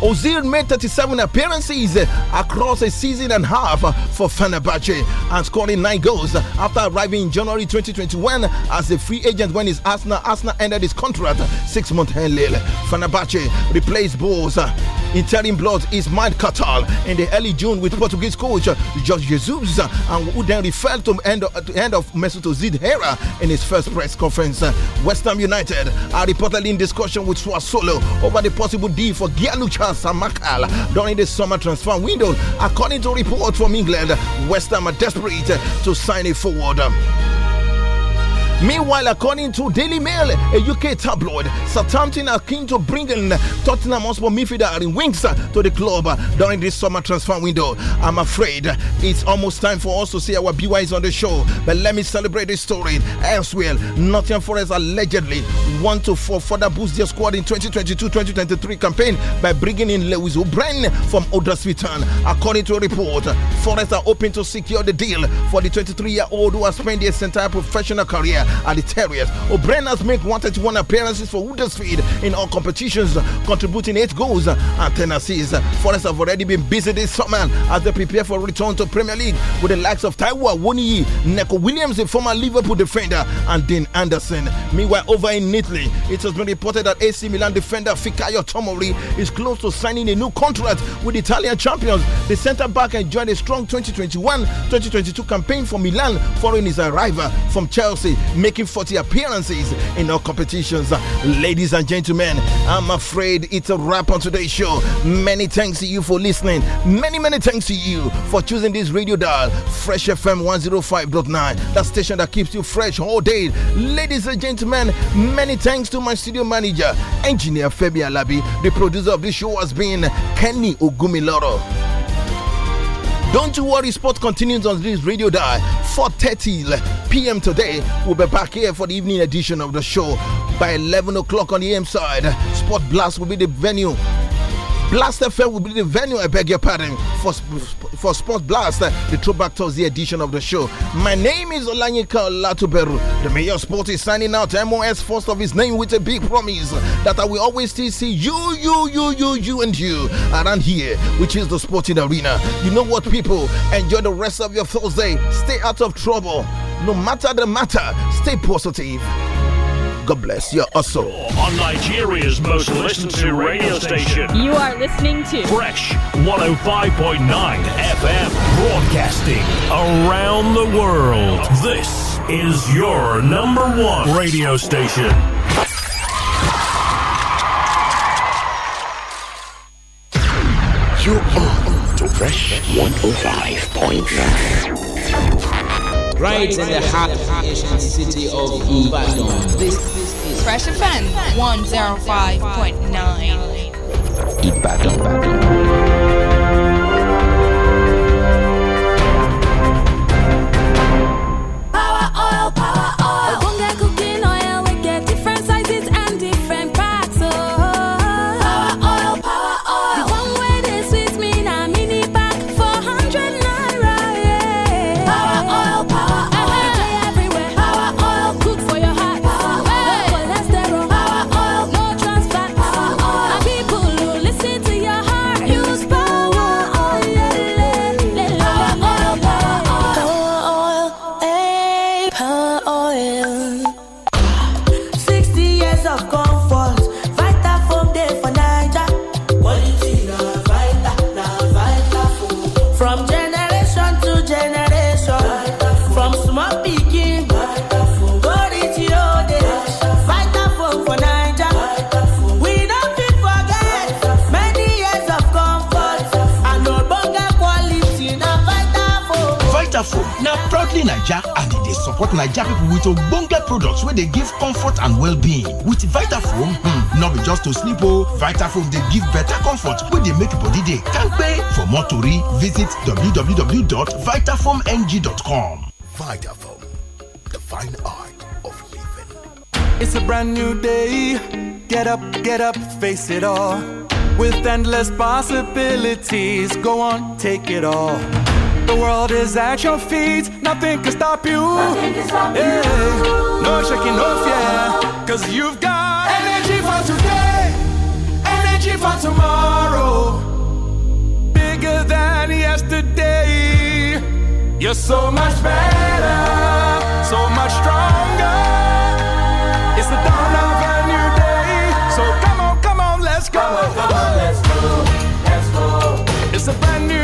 Ozil made 37 appearances across a season and a half for Fenerbahce and scoring 9 goals after arriving in January 2021 as a free agent when his Arsenal, Arsenal ended his contract six months earlier. Fenerbahce replaced Boza Italian blood is Mike Catal in the early June with Portuguese coach uh, Jorge Jesus, uh, and who then referred to end of, uh, to end of Mesut Ozil era in his first press conference. West Ham United are reportedly in discussion with Swasolo over the possible deal for Gianluca Samakal during the summer transfer window. According to report from England, West Ham are desperate to sign a forward. Meanwhile, according to Daily Mail, a UK tabloid, Southampton are keen to bring in Tottenham Hotspur midfielder in wings to the club during this summer transfer window. I'm afraid it's almost time for us to see our BYs on the show, but let me celebrate this story elsewhere. Nottingham Forest allegedly want to further boost their squad in 2022-2023 campaign by bringing in Lewis O'Brien from Huddersfield Town. According to a report, Forest are hoping to secure the deal for the 23-year-old who has spent his entire professional career at the Terriers. O'Brien has made 131 appearances for Huddersfield in all competitions, contributing 8 goals and 10 assists. Forest have already been busy this summer as they prepare for return to Premier League with the likes of Taiwo Woniyi, Neko Williams, a former Liverpool defender, and Dean Anderson. Meanwhile, over in Italy, it has been reported that AC Milan defender Fikayo Tomori is close to signing a new contract with Italian champions. The centre back enjoyed a strong 2021 2022 campaign for Milan following his arrival from Chelsea making 40 appearances in all competitions. Ladies and gentlemen, I'm afraid it's a wrap on today's show. Many thanks to you for listening. Many, many thanks to you for choosing this radio dial, Fresh FM 105.9, that station that keeps you fresh all day. Ladies and gentlemen, many thanks to my studio manager, engineer Fabi Labi. The producer of this show has been Kenny Ogumiloro. Don't you worry, sport continues on this radio dial. 4.30 p.m. today. We'll be back here for the evening edition of the show. By 11 o'clock on the AM side, Sport Blast will be the venue Blast FM will be the venue, I beg your pardon, for, for sports Blast, uh, the throwback towards the edition of the show. My name is Olanyika Latuberu. The Mayor Sport is signing out MOS first of his name with a big promise that I will always still see you, you, you, you, you, and you around here, which is the sporting arena. You know what, people? Enjoy the rest of your Thursday. Stay out of trouble. No matter the matter, stay positive. God bless your hustle. On Nigeria's most listened to radio station. You are listening to Fresh 105.9 FM broadcasting around the world. This is your number one radio station. You are on to Fresh 105.9 right in the heart of the Asian city of Ibadan. This is Fresh Offense 105.9. Ibadan. Ibadan. support naija with ogbonge products give comfort and well-being with vitafoam hmm, be just to sleep vitafoam give better comfort make body for more tori visit www.vitafoamng.com vitafoam the fine art of living it's a brand new day get up get up face it all with endless possibilities go on take it all the world is at your feet, nothing can stop you. Can stop yeah. you. No shaking off, yeah. Cause you've got energy for today, energy for tomorrow. Bigger than yesterday. You're so much better, so much stronger. It's the dawn of a new day. So come on, come on, let's go. Come on, come on, let's go, let's go. It's a brand new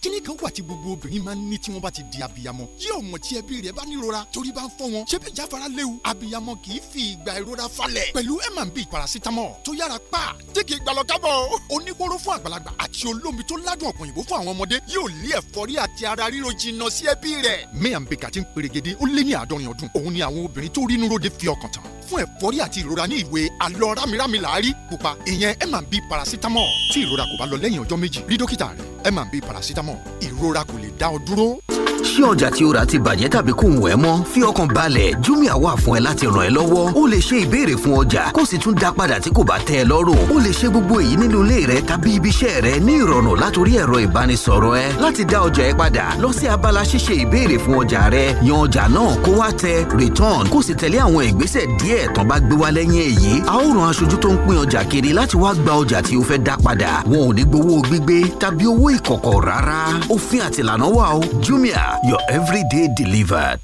kíní kan wà tí gbogbo obìnrin máa ń ní tí wọ́n bá ti di abiyamọ yí ọmọ tí ẹbí rẹ̀ bá nírora torí bá ń fọ́ wọn ṣé bí jáfara léwu abiyamọ kì í fi ìgbà ìrora falẹ̀ pẹ̀lú M&B paracetamol tó yára pa dígì ìgbàlọ́kábọ̀ oníkóró fún àgbàlagbà àti olómi tó ládùn ọ̀pọ̀ òyìnbó fún àwọn ọmọdé yóò lé ẹ̀fọ́rí àti ara ríro jìnnà sí ẹbí rẹ̀. M&B kàti ń perégedé ó lé ní àádọ́rin fún ẹ̀fọ́rí àti ìrora ní ìwé àlọ́ rámirámi làárí pupa ìyẹn M&B paracetamol tí ìrora kò bá lọ lẹ́yìn ọjọ́ méjì rí dókítà rẹ̀ M&B paracetamol mọ̀ ìrora kò lè dá ọ dúró. ṣé ọjà tí o rà ti bàjẹ́ tàbí kò wọ́n ẹ mọ́ fi ọkàn balẹ̀ jumia wà fún ẹ láti ràn ẹ lọ́wọ́ o lè ṣe ìbéèrè fún ọjà kó sì tún dá padà tí kò bá tẹ́ ẹ lọ́rùn o lè ṣe gbogbo èyí nínú ilé rẹ tàbí ibi iṣẹ́ rẹ ní ìrọ̀rùn látòrí ẹ̀rọ ìbánisọ̀rọ̀ ẹ láti dá ọjà ẹ padà lọ sí abala ṣíṣe ìbéèrè fún ọjà rẹ yan ọjà náà kó wá tẹ return kó sì tẹ̀lé àwọn ìgbésẹ̀ díẹ̀ tán bá gbé wá lẹ́yìn èyí a ó ràn aṣojú tó ń pín ọjà kiri láti wá gba ọjà tí o fẹ́ dá padà wọn ò ní gbowó gbígbé tàbí owó ìkọ̀kọ̀ rárá òfin àtìlànà wà o Jumia your everyday delivered.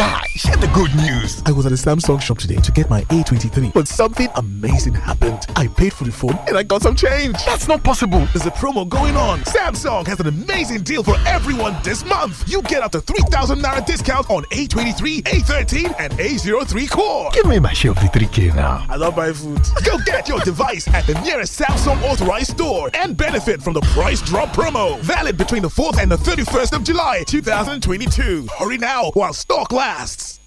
Guy, share the good news. I was at a Samsung shop today to get my A23, but something amazing happened. I paid for the phone and I got some change. That's not possible. There's a promo going on. Samsung has an amazing deal for everyone this month. You get up to 3,000 Naira discount on A23, A13, and A03 core. Give me my share of the 3K now. I love my food. Go get your device at the nearest Samsung authorized store and benefit from the price drop promo. Valid between the 4th and the 31st of July, 2022. Hurry now while stock lasts. podcast.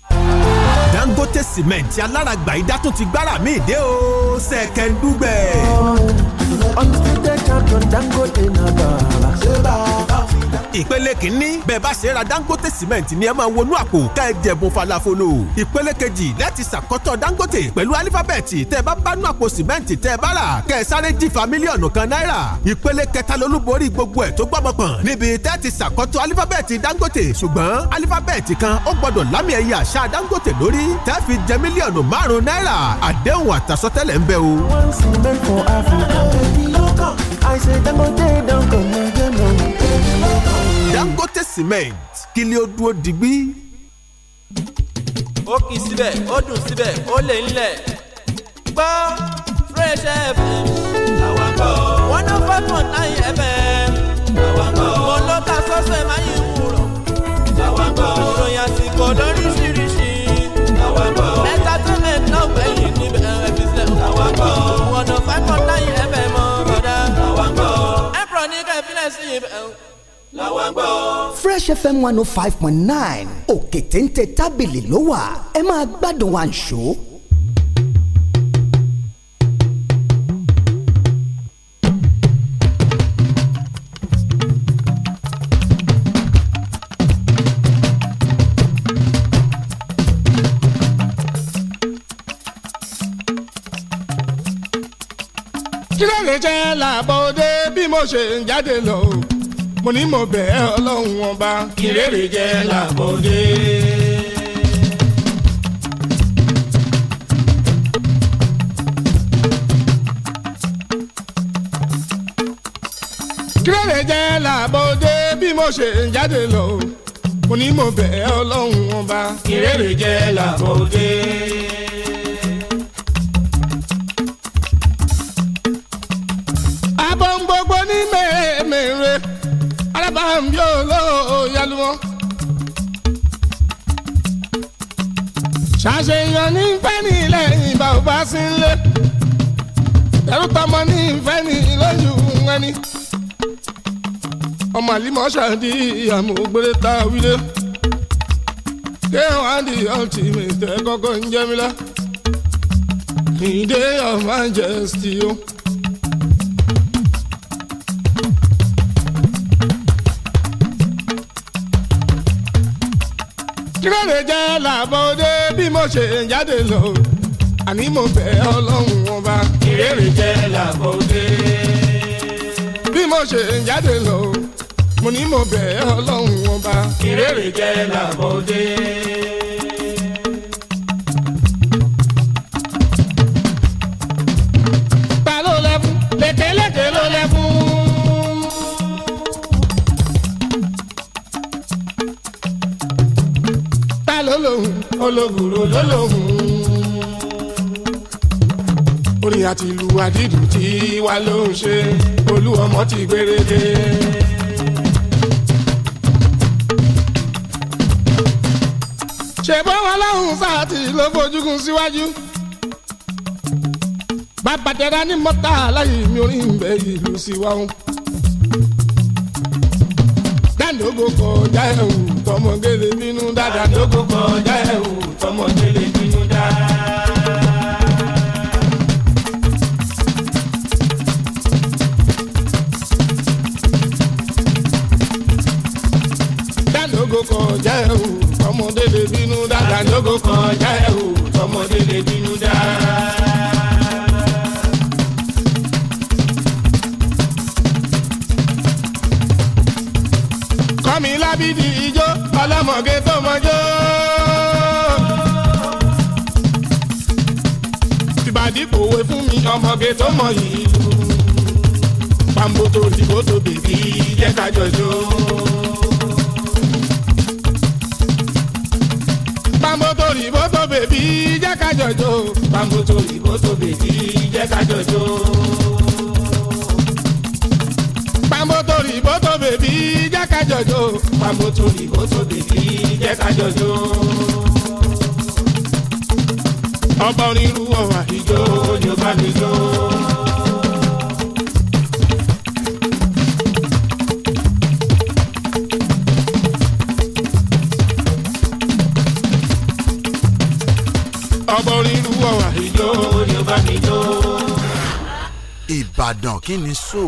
Dangote cement alára gbàyídá tún ti gbára mi dé o ṣẹ̀kẹ̀ ń dúgbẹ̀. Undisputed champion Dangote na bàbá. Ṣé bàbá? Ìpele kìíní bẹ́ẹ̀ bá ṣe ra Dangote cement ni ẹ máa wọnú àpò tá ẹ jẹ̀bùn falafolo. Ìpele kejì láti ṣàkọ́tọ̀ Dangote pẹ̀lú alífábẹ́ẹ̀tì tẹ́ ẹ bá bánú àpò cement tẹ́ ẹ bá rà kẹ́ ẹ sáré jìfà mílíọ̀nù kan náírà. Ìpele kẹta lolúborí gbogbo ẹ̀ tó gbọ́mọ pọ̀n níbi tẹ́ ti ṣàkọ́tọ̀ alífábẹ́ẹ̀tì Dangote ṣùgbọ́n alífábẹ́ẹ̀tì kan ó gbọ́dọ̀ lámì Dangote lórí tẹ́ fi jẹ mílíọ̀nù márùn-ún náírà àdéhùn I say Dangote don comot dem o. Dangote cement kí lè ó dúró digbí. ó kì í síbẹ̀ ó dùn síbẹ̀ ó lè ń lẹ̀ gbọ́ Fresh FM làwọn one oh five point nine FM làwọn kọ́ mo ló ta sọ́sọ́ ẹ̀ máa yín wúrọ̀ làwọn kọ́ ìròyìn àsìkò lóríṣiríṣi làwọn kọ́ entertainment náà gbẹ̀yìn níbẹ̀ ẹ̀ fi sílẹ̀ làwọn gbọ́. fresh fm one oh five point nine òkè téńté tábìlì ló wà ẹ máa gbádùn wa ṣó. kílẹ̀ lè jẹ́ làbọ̀dé bí mo ṣe ń jáde lọ mo ní mo bẹ̀ ẹ́ ọlọ́run ọba kìrèrè jẹ́ làbọ̀dé. kìrèrè jẹ́ làbọ̀dé bí mo ṣe ń jáde lọ mo ní mo bẹ̀ ẹ́ ọlọ́run ọba kìrèrè jẹ́ làbọ̀dé. bambi olo oh, oh, oh, yalumo. ṣàṣeyàn ní fẹ́ ní ilẹ̀ ìbá ò bá sí ń lé. ẹ̀rù tọmọ ní ìfẹ́ ní lójú ẹni. ọmọ àlímọ̀ ṣàdí ìyàmú tá a wílé. kéwọn á di ọtí mi tẹ kọ́kọ́ ń jẹ́ mi lọ. ìdè of majesty o. Jíròrè jẹ́ làbọ̀dé bí mo ṣe ń jáde lọ. Àní mo bẹ̀ ọlọ́run ọba. Jíròrè jẹ́ làbọ̀dé. Bí mo ṣe ń jáde lọ. Mo ní mo bẹ̀ ọlọ́run ọba. Jíròrè jẹ́ làbọ̀dé. lòun olóbùrò ló lòun. orin àti ìlú àdìdù tí wà ló ń ṣe olú ọmọ ti gbérédé. ṣèbọn wọn lọ́hùn sáà tí ló fojúkun síwájú. Si bàbá dẹ́ra ní mọ́tà láyé mi orí ń ìlú sí dáńdógó kọjá ẹ̀hún tọmọgele bínú dá. àdógó kọjá ẹ̀ wò tọmọgele bínú dá. dàdógó kọjá ẹ̀ wò tọmọdé lè bínú dá. dàdógó kọjá tọmọdé lè bínú dá. alámọ̀gé tó mọjó. tìbàdí pòwe fún mi ọmọge tó mọ yìí. pàǹbòtò òdìbò tó bèbí jẹ́ ká jọjó. pàǹbòtò òdìbò tó bèbí jẹ́ ká jọjó. pàǹbòtò òdìbò tó bèbí jẹ́ ká jọjó. pàǹbòtò òdìbò tó bèbí jẹ́ ká jọjó pa bó tóbi bó tóbi bí jẹ́ jọjọ. ọba onírú ọ̀wà ìjó ni ó bá mi jó. ọba onírú ọ̀wà ìjó ni ó bá mi jó. Ìbàdàn kí ni so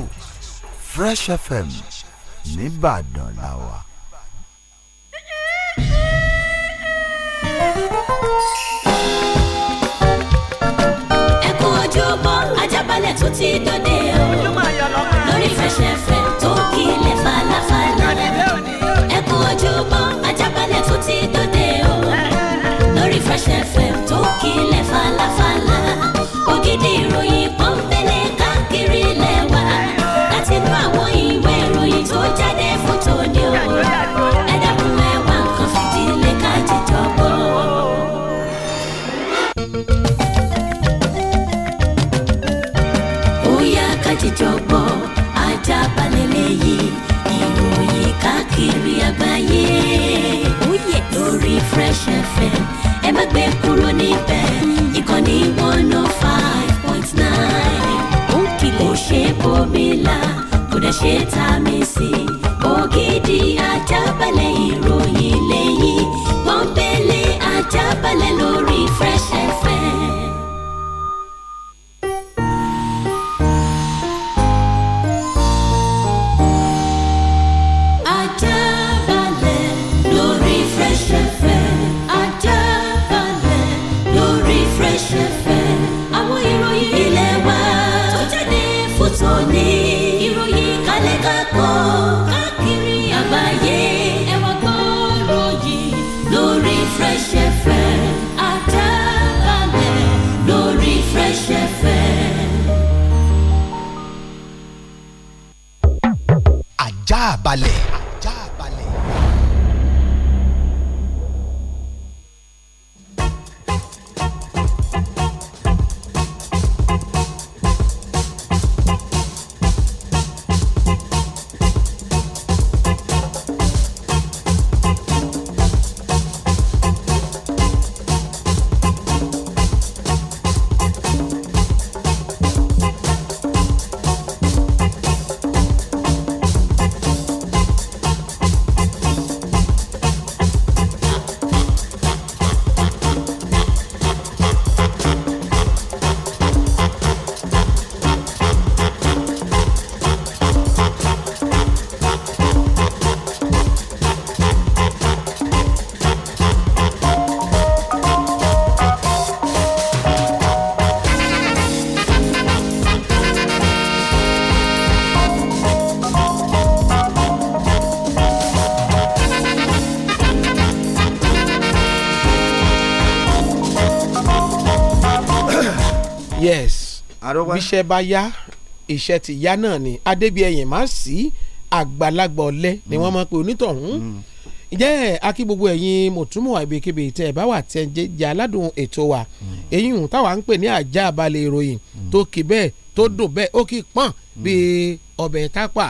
Fresh FM nìbàdàn. tún ti dòde o lórí Fresh FM. rẹ̀ ẹ má gbé kúrò níbẹ̀ ìkànnì one oh five point nine. ó kìlẹ̀ kò ṣe bòmílà kò dẹ̀ ṣe tá sí. ògidì ajábalẹ̀ ìró bíṣẹ́ bá yá iṣẹ́ ti yá náà ni adébíyẹyìn má sí àgbàlagbà ọ̀lẹ ni wọ́n hmm. máa pe onítọ̀hún hmm. ǹjẹ́ akí gbogbo ẹ̀yin mọ̀túnmọ̀ àìbèkébè tẹ́ ẹ̀ bá wà tẹ́ ẹ jẹ́ aládùn ètò wa èyí hmm. ń táwa ń pè ní àjà àbálẹ̀ ìròyìn tó kì bẹ́ẹ̀ tó dùn bẹ́ẹ̀ ó kì í pọ́n bíi ọbẹ̀ tápà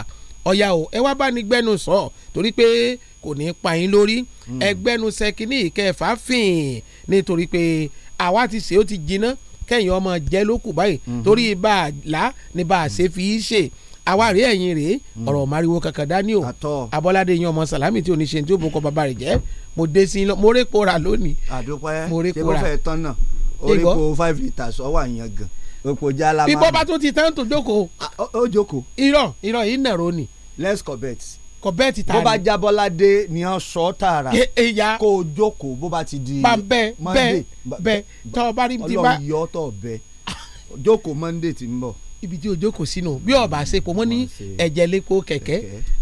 ọ̀yà o ẹ wá bá ní gbẹ́nu sọ torí pé kò ní pa yín lórí ẹgbẹ́nu sẹ́kínì kẹfà fìn nítorí pé àwa ti ṣe ó ti jiná kẹ́yìn ọmọ jẹ́ lókù báyìí mhm. torí bá a là ní bá a ṣe fi í ṣe àwárí ẹ̀yìn rèé mhm. ọ̀rọ̀ mariwo kankan dání o abọ́ládé yan ọmọ sàlámì tí oníṣe tí ó bọ́ kọ́ bàbá rẹ̀ jẹ́ mo dé sí mo rí pora lónìí. àdópẹ́ ṣé mo fẹ́ tán náà orípo five litres ọwọ́ àyàn gan òpò jálá máa. bí bọ́ba tó ti tán tó jókòó. ó jókòó. irọ́ irọ́ yìí nàró ni. let's go bet kò bẹ́ẹ̀ ti tààrí. bó bá já Bọ́ládé ni wọ́n sọ tààrà eh, kó o jókòó bó bá ti di Monday bẹ́ẹ̀ tọ́ ọ bá rí ti bá ọlọ́yọ́ tọ̀ bẹ́ẹ̀ jókòó Monday ti ń bọ̀. ibi tí o jókòó sínú bí ọba àṣepọ̀ mọ́ ní ẹ̀jẹ̀ lẹ́kọ̀ọ́ kẹ̀kẹ́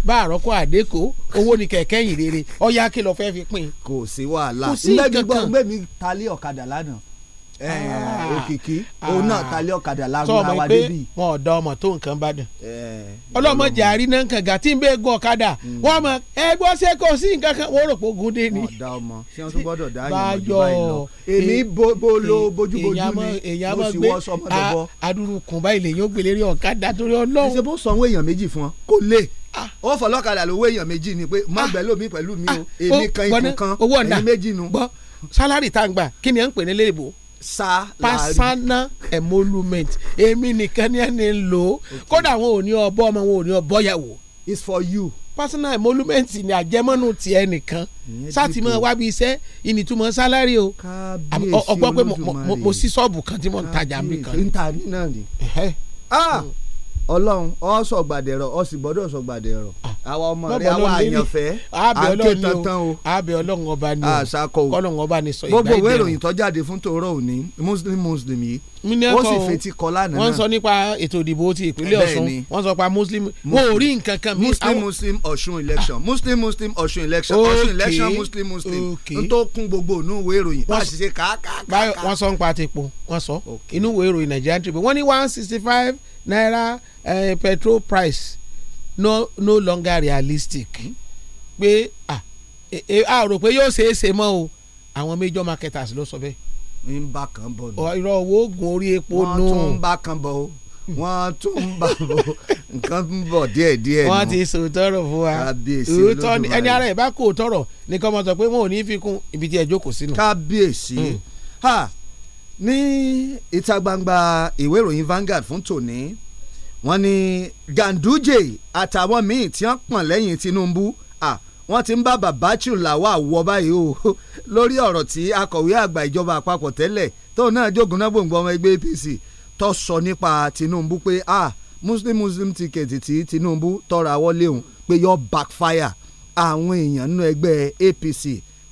bá àrọ́kọ́ àdékò owó ni kẹ̀kẹ́ yìí rere ọ̀yá kí lọ fẹ́ fi pín. kò sí wàhálà ilé gbígbọ́ gbẹ̀mí talé ọ̀kadà lánàá òkìkí eh, ah. ah. òun náà kalẹ̀ ọ̀kadà lágbo àwa débi. wọn ò dá ọmọ tó nǹkan bá dùn. Eh, àárín náà kàn gà tí ń bẹ́ gun ọ̀kadà hmm. mọ̀ ẹ kò sí nǹkan kan wọ́n rò pé ogun dé ni. wọ́n dá ọmọ ṣé wọ́n tún gbọ́dọ̀ dá yìnbọn jù báyìí lọ. ni mo sì báyìí lèyìn ó gbélé rí ọ̀kadà torí ọlọ́run. ṣe bó ah. ó fọlọ́kadà lówó èèyàn méjì ni pé má gbẹ́ lómi pẹ̀lú mi o èmi sa láàrin personal emolument èmi nìkan ni ẹni ń lò ó kódà wọn ò ní ọbọ ọmọ wọn ò ní ọbọ yàwó. it's for you. personal emolument ni àjẹmọ́nù tiẹ̀ nìkan sátìmọ̀ wábi iṣẹ́ ìnìtumọ̀ sálárì o ọgbọ́n pé mo sí ṣọ́ọ̀bù kan tí mo ń tajà mi kan. n ta ọlọ́run ọ̀sọ̀ gbàdẹ̀rọ̀ ọ̀sì gbọ́dọ̀ ọ̀sọ̀ gbàdẹ̀rọ̀ ah. àwa ọmọ rẹ àwa àyànfẹ́ àǹkè tantan o àbẹ̀ ọlọ́run ọba ni àṣàkọ o ọlọ́run ọba ni sọ ìgbà ìbẹ̀rù gbogbo ìròyìn tó fún tòró òní muslim muslim yìí ó sì fetí kọ lánàá wọ́n sọ nípa ètò ìdìbò ti ìpínlẹ̀ ọ̀ṣun wọ́n sọ pa muslim wọn ò rí nǹkan kan bí. muslim muslim ọ̀ṣun election ah. muslim muslim ọ̀ṣun election ọ̀ṣun election muslim muslim n tó kún gbogbo inú ìwé ìròyìn wọ́n sì ṣe kàákàá. wọ́n sọ ń pa ti po wọ́n sọ inú ìwé ìròyìn Nigerian Tribune wọ́n ní one sixty five naira eh, petrol price no no longer realistic pé e, e, a rò pé yóò ṣeé ṣe mọ́ o àwọn major marketers ló sọ bẹ́ẹ̀. ń bá kan bọ̀ nù. irọ́ owó oògùn orí epo nù. wọ́n tún ń bá kan bọ̀ o wọ́n tún ń bá bọ̀ nǹkan ń bọ̀ díẹ̀ díẹ̀ nù. wọ́n ti sọ tọrọ fún wa kábíyèsí lódùmarè ẹni ara ẹ̀ bá kò tọrọ nìkan mọ̀ sọ pé wọn ò ní fi kún ibi tí ẹ jókòó sínú. kábíyèsí hmm. ha. Mm ní ìta gbangba ìwé ìròyìn Vanguard fún tòní wọ́n ní Ganduje àtàwọn míì tí wọ́n pọ̀n lẹ́yìn Tinubu wọ́n ti ń bá bàbá Chilawa wọ báyìí o lórí ọ̀rọ̀ tí akọ̀wé àgbà ìjọba àpapọ̀ tẹ́lẹ̀ tóun náà jogun náà gbòǹgbò ọmọ ẹgbẹ́ APC tó sọ nípa Tinubu pé ah Muslim Muslim ticket tí Tinubu tọ́ra wọlé òun pé yọ backfire àwọn èèyàn nínú ẹgbẹ́ APC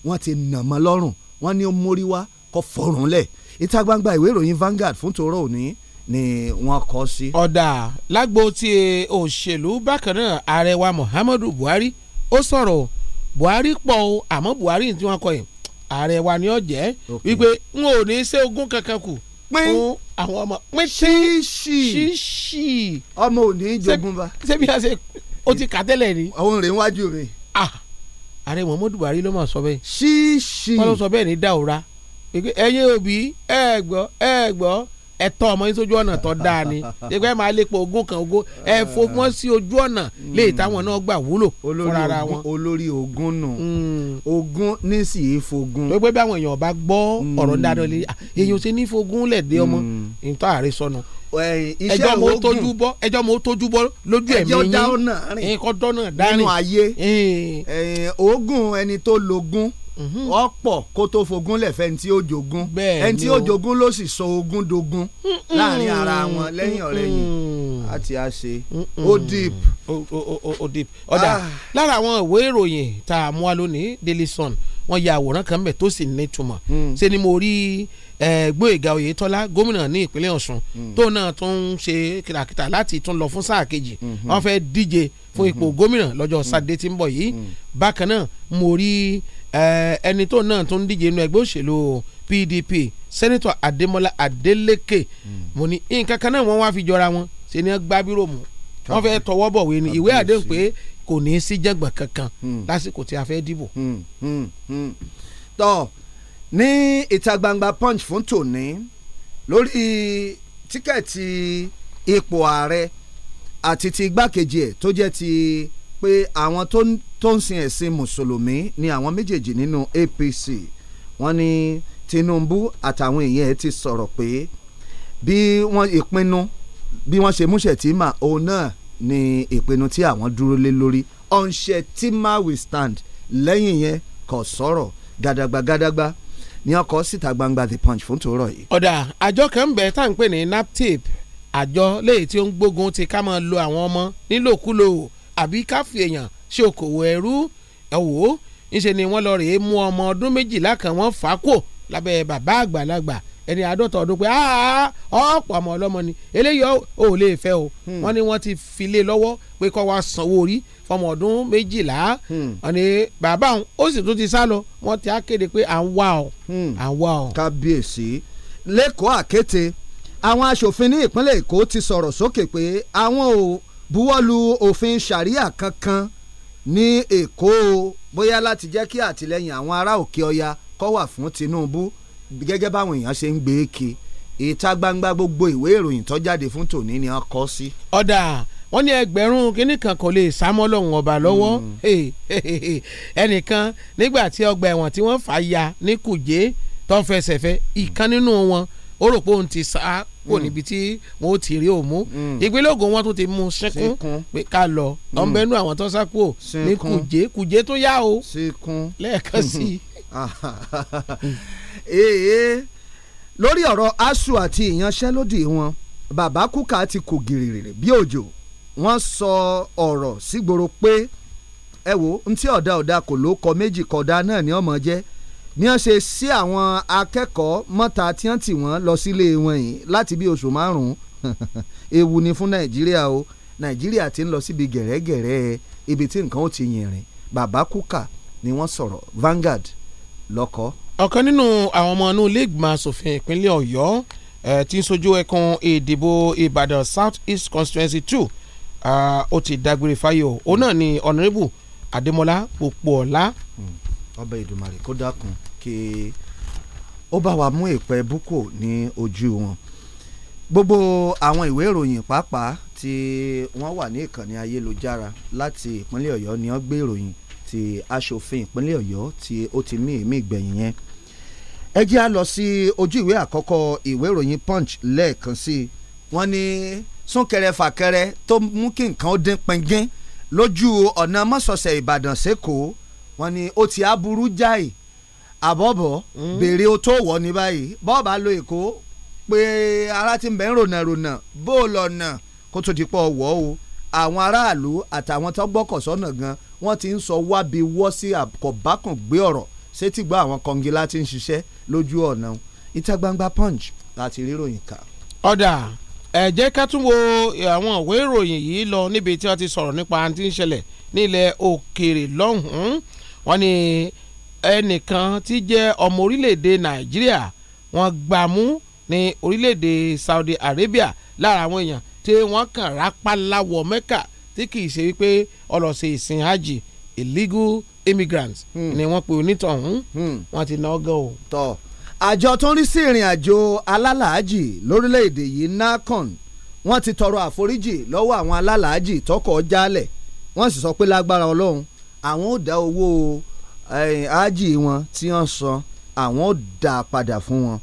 wọ́n ti nà mọ́ lọ́rùn wọ́n ní ó mórí wá kó fọ̀rùn lẹ̀ ìta gbangba ìwé ìròyìn Vanguard fún tòró òní ni wọ́n kọ sí. ọ̀dà lágbo ti òṣèlú bákan náà ààrẹ wa Muhammadu Buhari ó sọ̀rọ̀ Buhari pọ̀ o àmọ́ Buhari tí wọ́n kọ yìí ààrẹ wa ni ó jẹ́ wípé n ò ní í ṣe ogún kankan kù fún àwọn ọmọ pín ṣíṣì ṣíṣì ọmọ ò ní í jogun ba. ṣé bí a ṣe o ti kà tẹ́lẹ̀ ni. àwọn rèé wájú mi. Ah, ààrẹ Muhammadu Buhari ló mọ̀ sọ bẹ́ẹ̀. ṣíṣì wọ́n ló sọ bẹ́ẹ̀ ní Daura ẹ̀yin òbí ẹ gbọ́ ẹ gbọ́ ẹ tọ́ ọmọ yín sójú ọ̀nà tó dáa ni ẹgbẹ́ ẹ máa lépa ogún kan ogún ẹ fọwọ́ sí ojú ọ̀nà lè hmm. táwọn náà gbà wúlò fúnra wọn. olórí ogún nù hmm. ogún ní sì í fogun. tó gbé bí àwọn èèyàn bá gbọ́ hmm. ọ̀rọ̀ dáadáa lé ah, èèyàn ṣe ní fogun lẹ̀ dé ọmọ ìtọ́ àárẹ̀ sọnù ẹjọ́ mo tójú bọ́ ẹjọ́ mo tójú bọ́ lójú ẹ̀mí yín ẹjọ́ dáná rìn nínú ayé oògùn ẹni tó lógún Mhm. ọ̀pọ̀ kó tó fogún lẹ̀fẹ́ ẹni tí ó jogún ẹni tí ó jogún ló sì sọ ogún dogun láàrin ara wọn lẹ́yìn ọ̀rẹ́ yìí àti àṣe ó deep. ó deep ọ̀dà ah. lára àwọn ìwé ìròyìn tá a mú wa lónìí Daily Sun wọ́n ya àwòrán kan bẹ̀ tó sì nítumọ̀ hmm. ṣe ni mo rí Gbóyèga Oyètọ́lá gómìnà ní ìpínlẹ̀ Ọ̀ṣun hmm. tó náà tún ń ṣe kìtàkìtà láti tún lọ fún sáà kejì hmm. wọ́n fẹ́ díje fún ipò gómìnà lọ́jọ́ sátidé tí ń bọ̀ yìí bákan náà mo rí ẹni tó náà tó ń díje inú ẹgbẹ́ òṣèlú PDP sẹ́nitọ̀ Adémọ́lá Adélékè hmm. mo ní nǹkan kan náà wọ́n wá fi jọra wọn ṣe ni wọ́n gbá bírò mú wọ́n fẹ́ tọwọ́ bọ̀wé ni ìwé àdéhùn pé kò ní í sí jẹ̀gbọ̀n kankan hmm. lásìkò tí a fẹ́ dìbò. Hmm, tọ́ ní ìta gbangba punch fún tòní lórí tíkẹ́ẹ̀tì ipò ààrẹ àti ti igbákejì ẹ̀ tó jẹ́ ti. Ti pé àwọn tó ń sin ẹ̀sìn mùsùlùmí ni àwọn méjèèjì nínú APC wọ́n ní Tinubu àtàwọn èèyàn ẹ̀ ti sọ̀rọ̀ pé bí wọ́n ìpinnu bí wọ́n ṣe múṣẹ̀ tí mà òun náà ni ìpinnu tí àwọn dúró lé lórí ọ̀nṣẹ́ tí má we stand lẹ́yìn yẹn kò sọ̀rọ̀ gàdàgbà gàdàgbà ní ọkọ̀ síta gbangba the punch fún tòórọ̀ yìí. ọ̀dà àjọ kan ń bẹ tá à ń pè ní naptip àjọ léyìí tí ó ń gbógun ti ká máa lo àwọn ọmọ nílòkulò àbí káfí èèyàn ṣe òkòwò ẹrú ẹ̀wò ńṣe ni wọ́n lọ rèé mú ọmọ ọdún méjìlá kan wọ́n fà á kò lábẹ́ bàbá àgbàlagbà ẹni àádọ́ta ọdún pé ọ̀pọ̀ ọmọ ọlọ́mọ ni eléyìí ò lè fẹ́ o hmm. wọ́n ní wọ́n ti fi lé lọ́wọ́ pé kó wá sanwó orí fọmọ ọdún méjìlá hmm. wọ́n ní bàbá òun ó sì tún ti sá lọ wọ́n ti á kéde pé à ń wá ọ hmm. à ń wá ọ. kábíyèsí lẹ́kọ̀ọ́ àkété àwọn aṣòfin ní ìpínlẹ̀ èkó ti sọ̀rọ̀ sókè pé àwọn ò buwọ́lu òfin ṣàríà kankan ní èkó bóyá láti jẹ́ kí àtìlẹ́yìn àwọn ará òkè ọya kó wà fún Tinubu gẹ́gẹ́ báwọn èèyàn ṣe ń gbé e kí ìta gbangba gbogbo ìwé ìròyìn tó jáde fún tòní ni wọ́n kọ sí. ọ̀dà wọ́n ní ẹgbẹ̀rún kínní kan kò lè sámọ́ lọ́hùn ọba lọ́wọ́ hmm. ẹnìkan nígbà tí ọgbà ẹ̀wọ̀n tí wọ́n fà ya ní kùjé tó fẹsẹ̀fẹ́ ìkan nínú wọn. Mm ó rò pé òun ti sá kò hmm. níbi tí wọn ò ti rí òun mú hmm. ìpínlẹ̀ Ògùn wọn tún ti mú sínkún pé ká lọ hmm. ọ̀nbẹ́nu àwọn tó sá kúò ní kùjé kùjé tó yá o lẹ́ẹ̀kan sí i. ee eh, eh. lórí ọ̀rọ̀ ASUU àti ìyanṣẹ́lódì wọn bàbá Kúkà ti kò gìrìrì bí òjò wọ́n sọ ọ̀rọ̀ sígboro pé ẹ wo ntí ọ̀dà ọ̀dà kò ló kọ méjì kọ̀dá náà ni ọmọ jẹ́ bí wọ́n ṣe sí àwọn akẹ́kọ̀ọ́ mọ́ta tí wọ́n tì wọ́n lọ sílé wọn yìí láti bí oṣù márùn-ún ewu ni fún nàìjíríà o nàìjíríà ti ń lọ síbi gẹ̀rẹ́gẹ̀rẹ́ ibi tí nǹkan ó ti yìnrìn bàbá kúkà ni wọ́n sọ̀rọ̀ Vanguard lọ́kọ́. ọ̀kan nínú àwọn ọmọ inú ilé ìgbìmọ̀ asòfin ìpínlẹ̀ ọ̀yọ́ tí ń sojú ẹkùn ìdìbò ìbàdàn south east constituency two ó ti dágbére fáyọ̀ òun náà ni ọ̀nàrẹ́bù adémọlá òpóọ̀lá hmm ọba ìdùmarè kó dákun kí ó bá wa mú ìpẹ́ búkò ní ojú wọn gbogbo àwọn ìwé ìròyìn pàápàá tí wọ́n wà ní ìkànnì ayélujára láti ìpínlẹ̀ ọ̀yọ́ ni wọ́n gbé ìròyìn ti aṣòfin ìpínlẹ̀ ọ̀yọ́ tí ó ti mí èémí ìgbẹ̀yìn yẹn ẹ jẹ́ a lọ sí ojú ìwé àkọ́kọ́ ìwé ìròyìn punch lẹ́ẹ̀kan sí i wọ́n ní súnkẹrẹ fàkẹrẹ tó mú kí nǹkan ó dín pingin lójú ọ̀nà mọ́sọ̀ọ̀sẹ̀ ìbàdàn sẹ́kọ̀ọ́ wọ́n ní ó ti aburú jáì àbọ̀bọ̀ hmm. béèrè o tó wọ̀ ní báyìí bọ́ọ̀bà lo èkó pé ara ti ń bẹ̀ ń rònà rònà bó o lọ nà kó tó ti pọ̀ wọ̀ o àwọn aráàlú àtàwọn tó gbọ́kọ̀ sọ́nà gan wọ́n ti ń sọ wábi wọ́ sí àkọ́bákùn gbé ọ̀rọ̀ sétí gbọ́ àwọn kọ́ngilá ti ń ṣiṣẹ́ lójú ọ̀nà ìta gbangba punch láti ríròyìn kà. ọ̀dà ẹ jẹ́ ká tún wo àwọn ìwé ìròyìn yìí lọ níbi tí wọ́n ti sọ̀rọ̀ nípa àǹtí ń ṣẹlẹ̀ nílẹ̀ òkèèrè lọ́hùn-ún wọ́n ní ẹnìkan tí jẹ́ ọmọ orílẹ̀-èdè nàìjíríà wọ́n gbàmú ní orílẹ̀-èdè Saudi Arabia lára àwọn èèyàn tí wọ́n kàn rápálá wọ mẹ́kà tí kì í ṣe wípé ọlọ́sẹ̀ ìsìn hajj illegal immigrants hmm. ni wọ́n pe onítọ̀hún hmm. wọ́n ti ná ọgọ́ o. tọ́ àjọ tó ń rí sí ìrìn àjò alálàájì lórílẹ̀‐èdè yìí nacon wọ́n ti tọrọ àforíjì lọ́wọ́ àwọn alálàájì tọkọ̀ jálẹ̀ wọ́n sì sọ pé lágbára ọlọ́run àwọn ò dá owó eh, ájì wọn tí wọ́n san àwọn ò dá padà fún wọn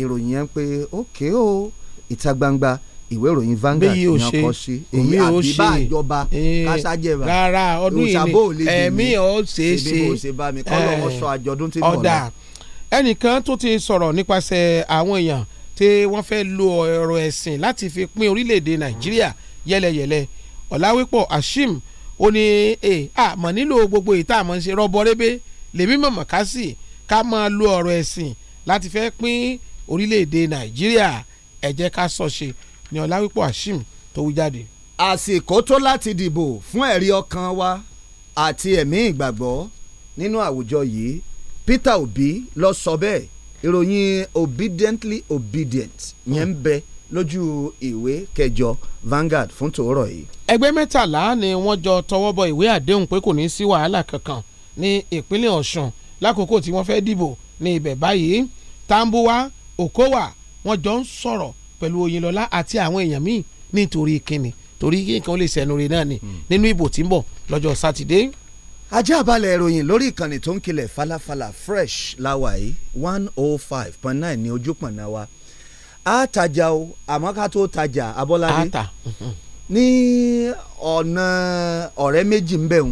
ìròyìn yẹn pé ókè o ìta gbangba ìwé ìròyìn Vanguard ni wọ́n kọ sí èyí àbíbá ìjọba eh, kásájẹba rárá ọdún yìí ẹ̀mí ọ̀ ṣe é ṣe eh, ọ̀dà ẹnìkan tó ti sọ̀rọ̀ nípasẹ̀ àwọn èèyàn tí wọ́n fẹ́ lo ọ̀rọ̀ ẹ̀sìn láti fi pín orílẹ̀-èdè Nàìjíríà yẹ́lẹyẹ̀lẹ Ọ̀làwípọ̀ Ashim ó ní ẹ àmọ́ nílò gbogbo ìta àmọ́ ṣe rọ́bọrébé lèmi mọ̀mọ́ ká sì ká máa lo ọ̀rọ̀ ẹ̀sìn láti fẹ́ pín orílẹ̀-èdè nàìjíríà ẹ ká sọ ṣe ni ọ̀làwípọ̀ hashim tó wí jáde. àsìkò tó láti dìbò fún ẹ̀rí ọkàn wa àti ẹ̀mí ìgbàgbọ́ nínú àwùjọ yìí Peter Obi lọ sọ bẹ́ẹ̀ ìròyìn obediently obedient yẹn ń bẹ́ẹ̀ lójú ìwé kẹjọ Vanguard fún tòórọ̀ yìí. ẹgbẹ́ mẹ́tàlá ni wọ́n jọ tọwọ́ bọ ìwé àdéhùn pé kò ní sí wàhálà kankan ní ìpínlẹ̀ Ọ̀ṣun lákòókò tí wọ́n fẹ́ dìbò ní ibẹ̀ báyìí Tambuwa Okowa wọ́n jọ ń sọ̀rọ̀ pẹ̀lú Oyinlọ́lá àti àwọn èèyàn míì nítorí kíni torí kí lè sẹ́nu náà ni hmm. nínú ìbò tí ń bọ̀ lọ́jọ́ sátidé ajá balẹ̀ ìròyìn lórí ìkànnì tó ń kilẹ̀ falafala fresh láwàyé one oh five point nine ní ojúpọ̀nà wa a tajà o àmọ́ ká tó tajà abọ́ládé mhm. ní ọ̀nà ọ̀rẹ́ méjì ń bẹ̀ ń.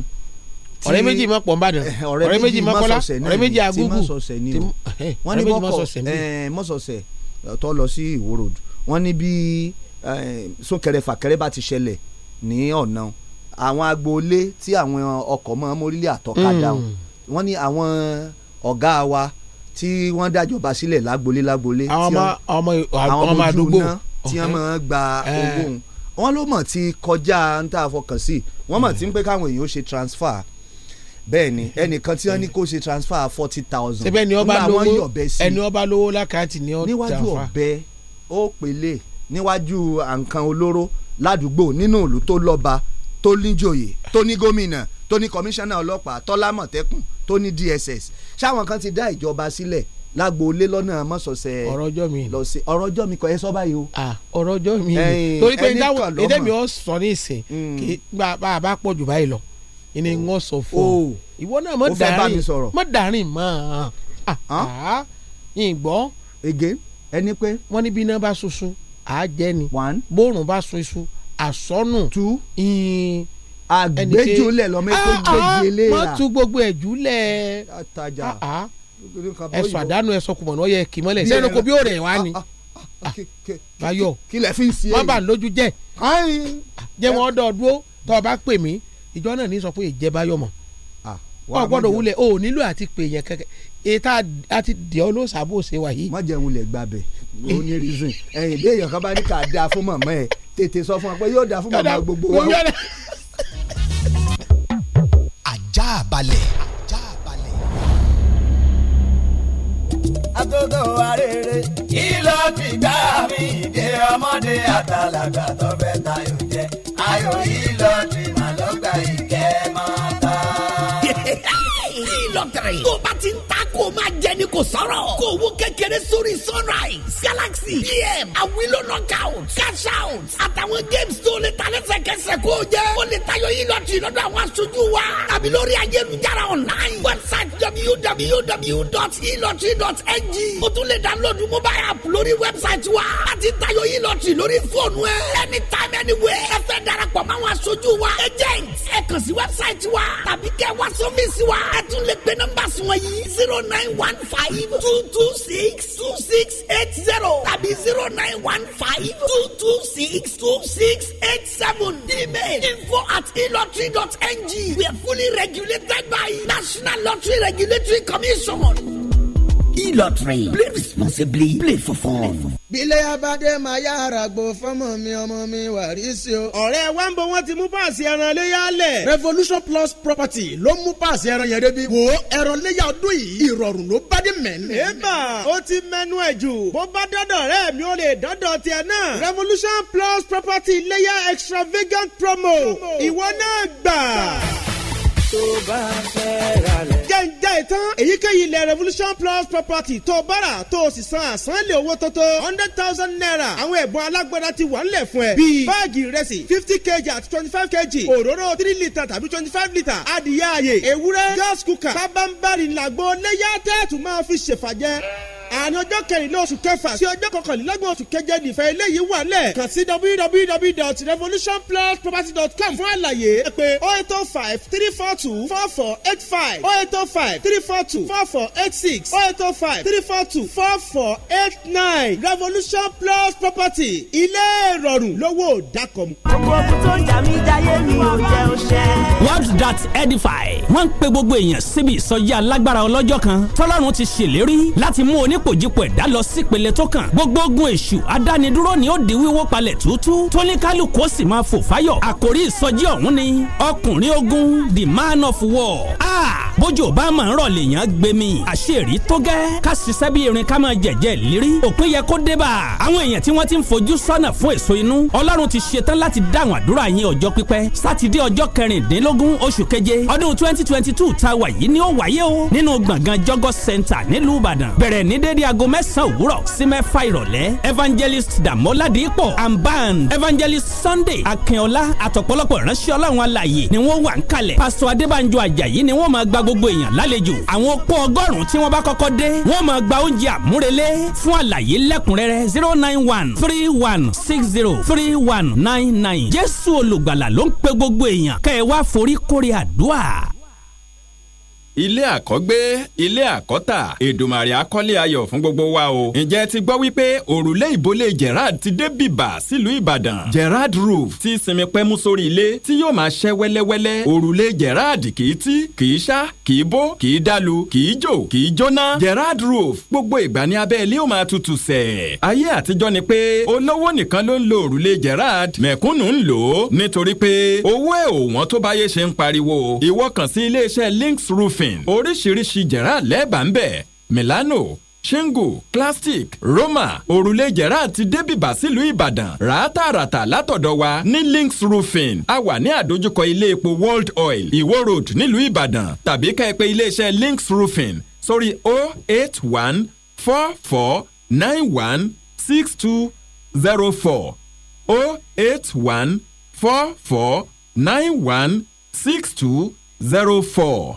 ọ̀rẹ́ méjì mọ̀ pọ̀ nbàdàn ọ̀rẹ́ méjì mọ̀ kọ́lá ọ̀rẹ́ méjì agúgù wọ́n ní bọ́kọ̀ mọ́sọ̀sẹ̀ eh, eh, tó lọ sí Ìwó Road wọ́n ní bí eh, súnkẹrẹ fàkẹrẹ bá ti ṣẹlẹ̀ ní ọ̀nà àwọn agboolé tí àwọn ọkọ̀ mọ́ mórílẹ̀ àtọ́kadà hmm. wọn ni àwọn ọ̀gá wa tí wọ́n dájọba sílẹ̀ lágbolé lágbolé àwọn ọmọ àdúgbò tí wọ́n máa gba eh. owó wọn ló mọ̀ ti kọjá ń tà fọkàn sí wọ́n mọ̀ hmm. tí ń pẹ́ káwọn èèyàn ṣe transfer bẹ́ẹ̀ ni hmm. ẹnìkan tí wọ́n ní hmm. kó ṣe transfer forty thousand síbẹ̀ ni ọba lówó ẹni ọba lówó lákàtì ni ọ̀tàfà níwájú ọ̀bẹ ó pèlè níwájú àǹkan olóró ládùúgbò nínú ìlú tó lọ́ba tó níjòyè tó ní gómìnà tó ní kọmíṣánná ọlọ́pàá tó tó ní DSS ṣáwọn kan ti dá ìjọba sílẹ̀ lágboolé lọ́nà mọ́sọ̀sẹ̀ ọ̀rọ̀jọ́ mi lọ́sẹ̀ ọ̀rọ̀jọ́ mi kọ ẹ sọ báyìí o. ọ̀rọ̀jọ́ mi ni torí pé èdè mi ò sọ ní ìsìn hmm. kí bá a bá pọ̀ jù báyìí lọ ni n ò sọ fún ọ oh. ìwọ náà mọ̀ dàrín mọ̀ dàrín mọ̀ ọ́n ìgbọ́. ege ẹni pé. wọ́n ní bí iná bá sunsun àá jẹ́ ni bóòrùn bá sun àsọnù. two ìyìn àgbéjúlẹ̀ lọ́mọ ètò gbẹ̀gẹ̀lẹ̀ rà wọ́n tún gbogbo ẹ̀júlẹ̀ ẹ̀sùn àdánù ẹ̀sùn kùmọ̀ náà yẹ kì mọ́lẹ̀ sẹ́nu kò bí ó rẹ̀ wá ni ah, ah, ah, Báyọ̀ wọ́n bá lójú jẹ́ jẹ́ wọn ọ̀dọ̀ dúró tọ́ ọ bá pè mí ìjọ náà ní sọ pé ìjẹ́ Báyọ̀ mọ̀ ọ gbọ́dọ̀ wulẹ̀ o nílò àti pè yẹn kẹ́kẹ́ ètà àti dìọ́ ló sábò ṣe wà yìí. má jẹun lè gbàbẹ̀ ó ní reason ẹ̀yìn bí èèyàn kan bá ní ká dáa fún màmá ẹ̀ tètè sọ fún ọ pé yóò dáa fún màmá gbogbo wa ajá balẹ̀. Agogo arére. Kí ló ti gbá mi de ọmọdé àtàlàgbà tó fẹ́ tayò jẹ? Ayo yìí lọ ti mà lọ́gbà ìkẹ́ máa lottery. tó o bá ti ń ta kó o máa jẹ ni kò sọ̀rọ̀. kó owó kékeré sórí sunrise galaxy pm awilo knockout cash out àtàwọn games tó lè ta lẹ́sẹ̀kẹsẹ̀ kó o jẹ́. o lè tayọ yìí lọ́tì lọ́dọ̀ àwọn aṣojú wa. tàbí lórí ayélujára online website www.elottery.ng. o tún lè download mobile app lórí website wa. a ti tayọ yìí lọ́tì lórí fóònù ẹ. anytime anywhere. ẹ fẹ́ darapọ̀ mọ́ àwọn aṣojú wa. agent ẹ kàn sí website wa tàbí kẹ́ wá sọ́fíìsì wa. ẹ tún lè pé nọ́mbà sùn yìí zero nine one five two two six two six eight zero tàbí zero nine one five two two six two six eight seven email info at elotry dot ng we are fully regulated by National Lottery Regulatory Commission e-lottery play responsibly play for fun. bílẹ̀ abadé máa yá ara gbò fọ́mọ mi ọmọ mi wà rí sí o. ọ̀rẹ́ wa ń bọ̀ wọ́n ti mú páàsì ẹran léyà lẹ̀. revolution plus property ló mú páàsì ẹran yẹn débi. wo ẹran léyà ọdún yìí ìrọ̀rùn ló bá dé mẹ́ni. èèbà ó ti mẹ́nu ẹ̀ jù bó bá dọ́dọ̀ rẹ̀ mi ò lè dọ́dọ̀ tiẹ̀ náà. revolution plus property léyà extravagant promo ìwọ náà gbà tó bá fẹ́ ra lẹ̀. jẹ́njẹ́ ìtàn èyíkéyìí ilẹ̀ revolution plus property tó bára tó o sì san àsánlé owó tó hundred thousand naira àwọn ẹ̀bùn alágbára ti wà nílẹ̀ fún ẹ bíi báàgì ìrẹsì fifty kg àti twenty five kg òróró three litre tàbí twenty five litre adìyẹ ààyè ewúrẹ́ gas cooker sábàǹbarì làgbo léyà tẹ́ẹ̀tù máa fi ṣèfàjẹ́ àárín ọjọ́ kẹrìnlá oṣù kẹfà sí ọjọ́ kọkànlélọ́gbọ̀n oṣù keje nìfẹ́ eléyìí wà lẹ̀ kàn sí www.revolutionplusproperty.com fún àlàyé pé oh eight oh five three four two four four eight five oh eight oh five three four two four four eight six oh eight oh five three four two four four eight nine revolution plus property ilé ìrọ̀rùn lówó dákọ̀mù. gbogbo ohun tó ń jà mí jáyé mi ò jẹ́ òṣè. world that edify wọ́n ń pe gbogbo èèyàn síbi ìsọjí alágbára ọlọ́jọ́ kan tọ́lọ́run ti ṣèlérí láti mú oní ìgbédépòjìpọ̀ ẹ̀dá lọ sípele tó kàn gbogbo ogun èṣù adánidúró ni ó di wíwó palẹ̀ tútú tóníkálukú ó sì máa fò fáyọ̀ àkòrí ìsọjí ọ̀hún ni ọkùnrin ogun the man of war ah bójú ò bá máa ń rọ̀ lèèyàn gbé mi àṣírí tó gẹ́ ká ṣiṣẹ́ bí irin ká máa jẹ̀jẹ̀ lérí òpin yẹ kó débà àwọn èèyàn tí wọ́n ti ń fojú sọ́nà fún èso inú ọlọ́run ti ṣetán láti dáhùn àdúrà yín ọjọ́ pípẹ́ sátidé ọjọ́ kẹrìndínlógún oṣù keje ọdún twenty twenty two ta wà yìí ni ó wáyé o nínú gbọ̀ngàn jọ́gọ́ center nílùú ìbàdàn bẹ̀rẹ̀ ní dé dédé aago mẹ́sàn-án òwúrọ̀ sí mẹ́fà ìrọ̀lẹ́ evangelist damola dipo and band evangelist sunday akínọlá àtọ̀pọ̀lọpọ̀ ìránṣẹ́ ọlọ́run alààyè ni wọ́n wà ń kalẹ̀ pásítọ̀ adébánjọ àjàyí ni wọ́n máa gba gbogbo èèyàn lálejò àwọn opó ọgọ́rùn-ún tí wọ́n bá kọ́kọ́ dé wọ́n máa gba oúnjẹ àmúrelé fún àlàyé lẹ́kùnrẹ́rẹ́ zero nine one three one six zero three one nine nine jésù olùgbàlà ló ń pe gbogbo èèyàn kẹ́ ẹ wá forí kórè àdúrà ilé àkọ́gbé ilé àkọ́tà Èdùmàrè akọ́lé ayọ̀ fún gbogbo wa o. ǹjẹ́ ti gbọ́ wípé òrùlé ìbólé Gerard ti dé bìbà sílùú Ìbàdàn Gerard roof ti sinmi pẹ́mú sórí ilé tí yóò máa ṣẹ́ wẹ́lẹ́wẹ́lẹ́ òrùlé Gerard kì í tí kì í ṣá kì í bó kì í dalu kì í jò kì í jóná Gerard roof gbogbo ìgbà ní abẹ́ ilé ó máa tutù sẹ̀. ayé àtijọ́ ni pé olówó nìkan ló ń lo òrùlé Gerard mẹ̀kúnnù ń lò ó nítorí pé owó ẹ̀ òwọ́n tó báyé ṣe ń pariwo links roof roofing oríṣiríṣi jẹ̀rá lẹ́ẹ̀bà ń bẹ̀ milano shingle plastic roma òrùlé jẹ̀rá àti débìbà sílùú ìbàdàn ràátàràtà látọ̀dọ̀ wa ní links roofing a wà ní àdójúkọ ilé epo world oil ìwó road nílùú ìbàdàn tàbí ká ẹ pè iléeṣẹ́ links roofing sórí 081 44 91 6204 081 44 91 6204